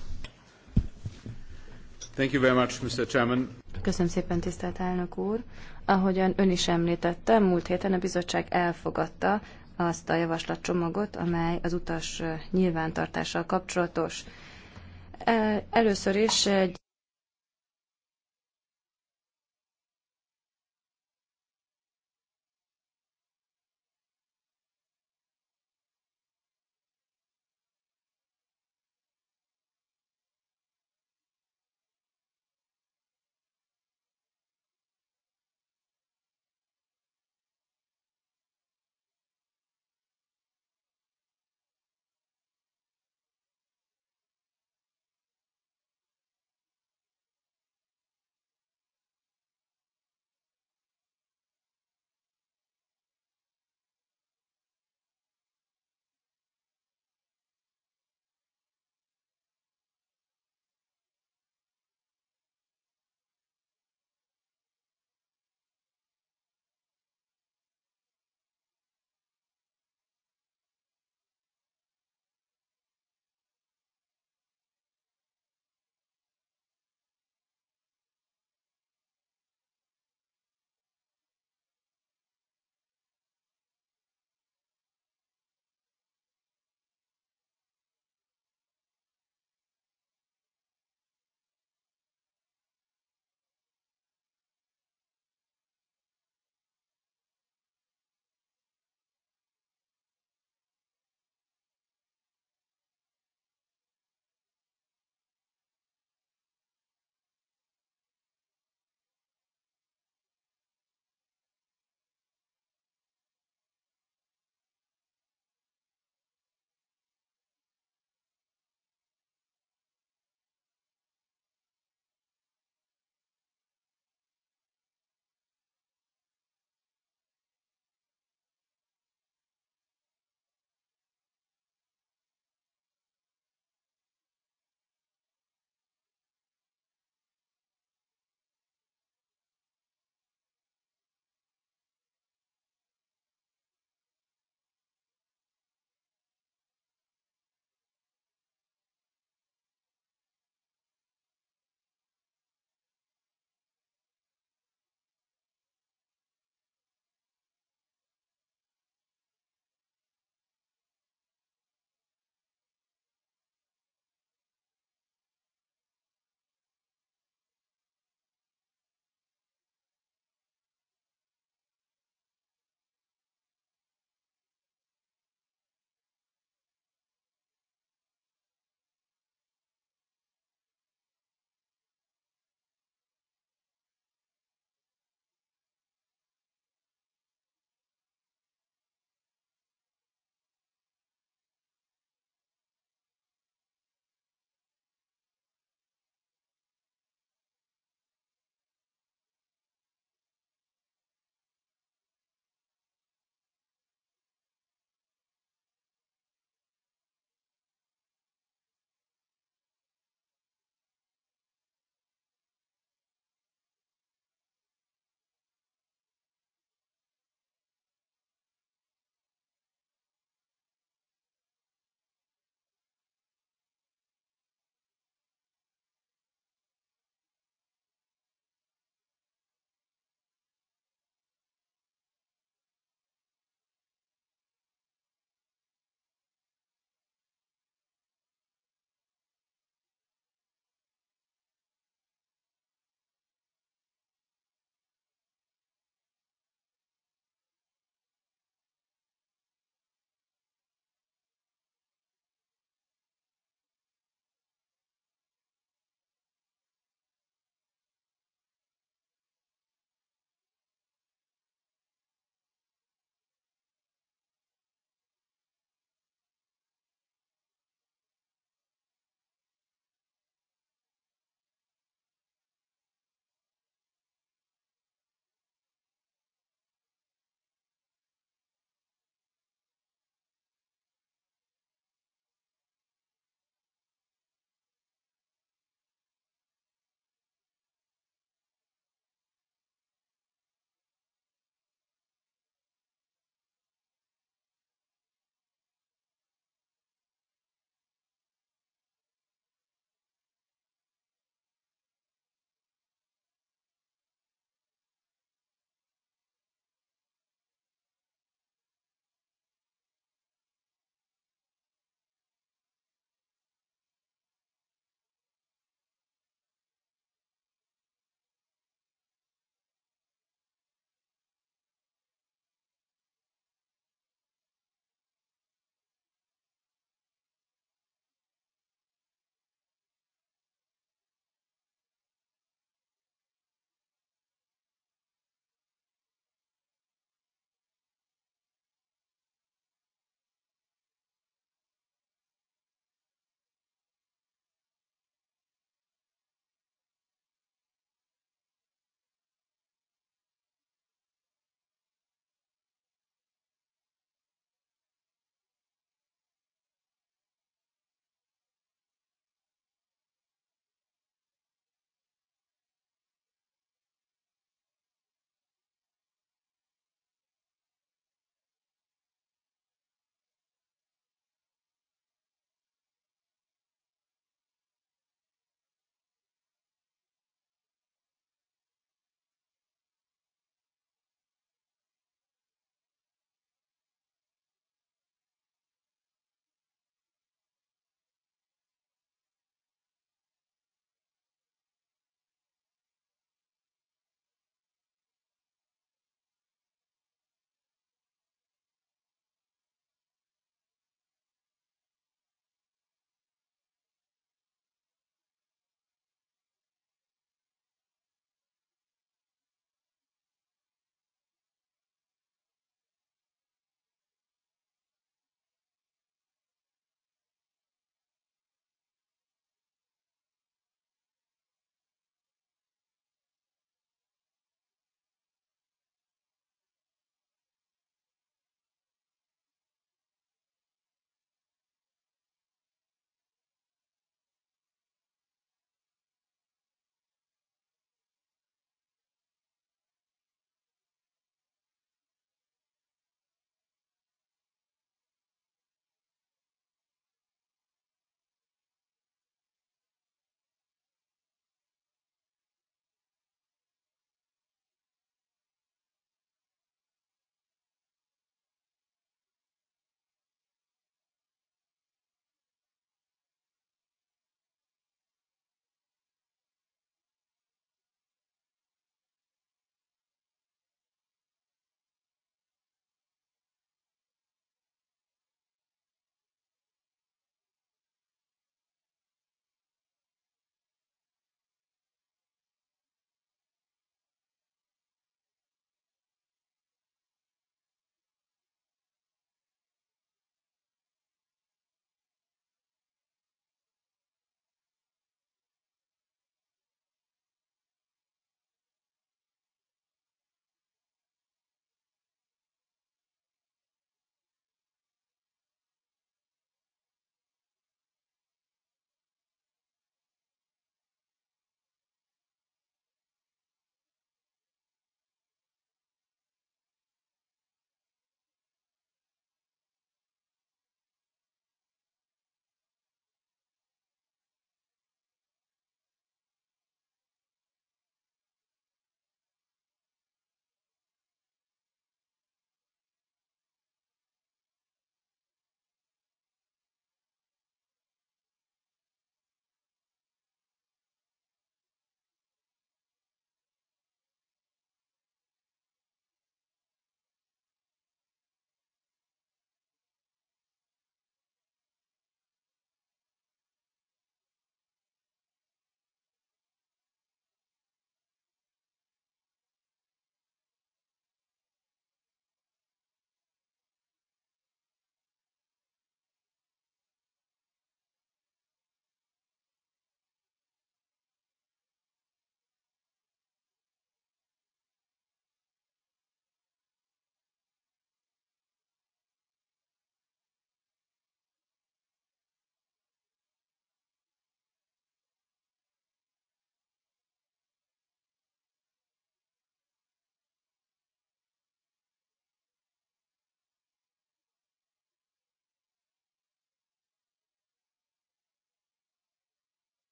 Thank you very much, Mr. Chairman. Köszönöm szépen, tisztelt elnök úr. Ahogyan ön is említette, múlt héten a bizottság elfogadta azt a javaslatcsomagot, amely az utas nyilvántartással kapcsolatos. Először is egy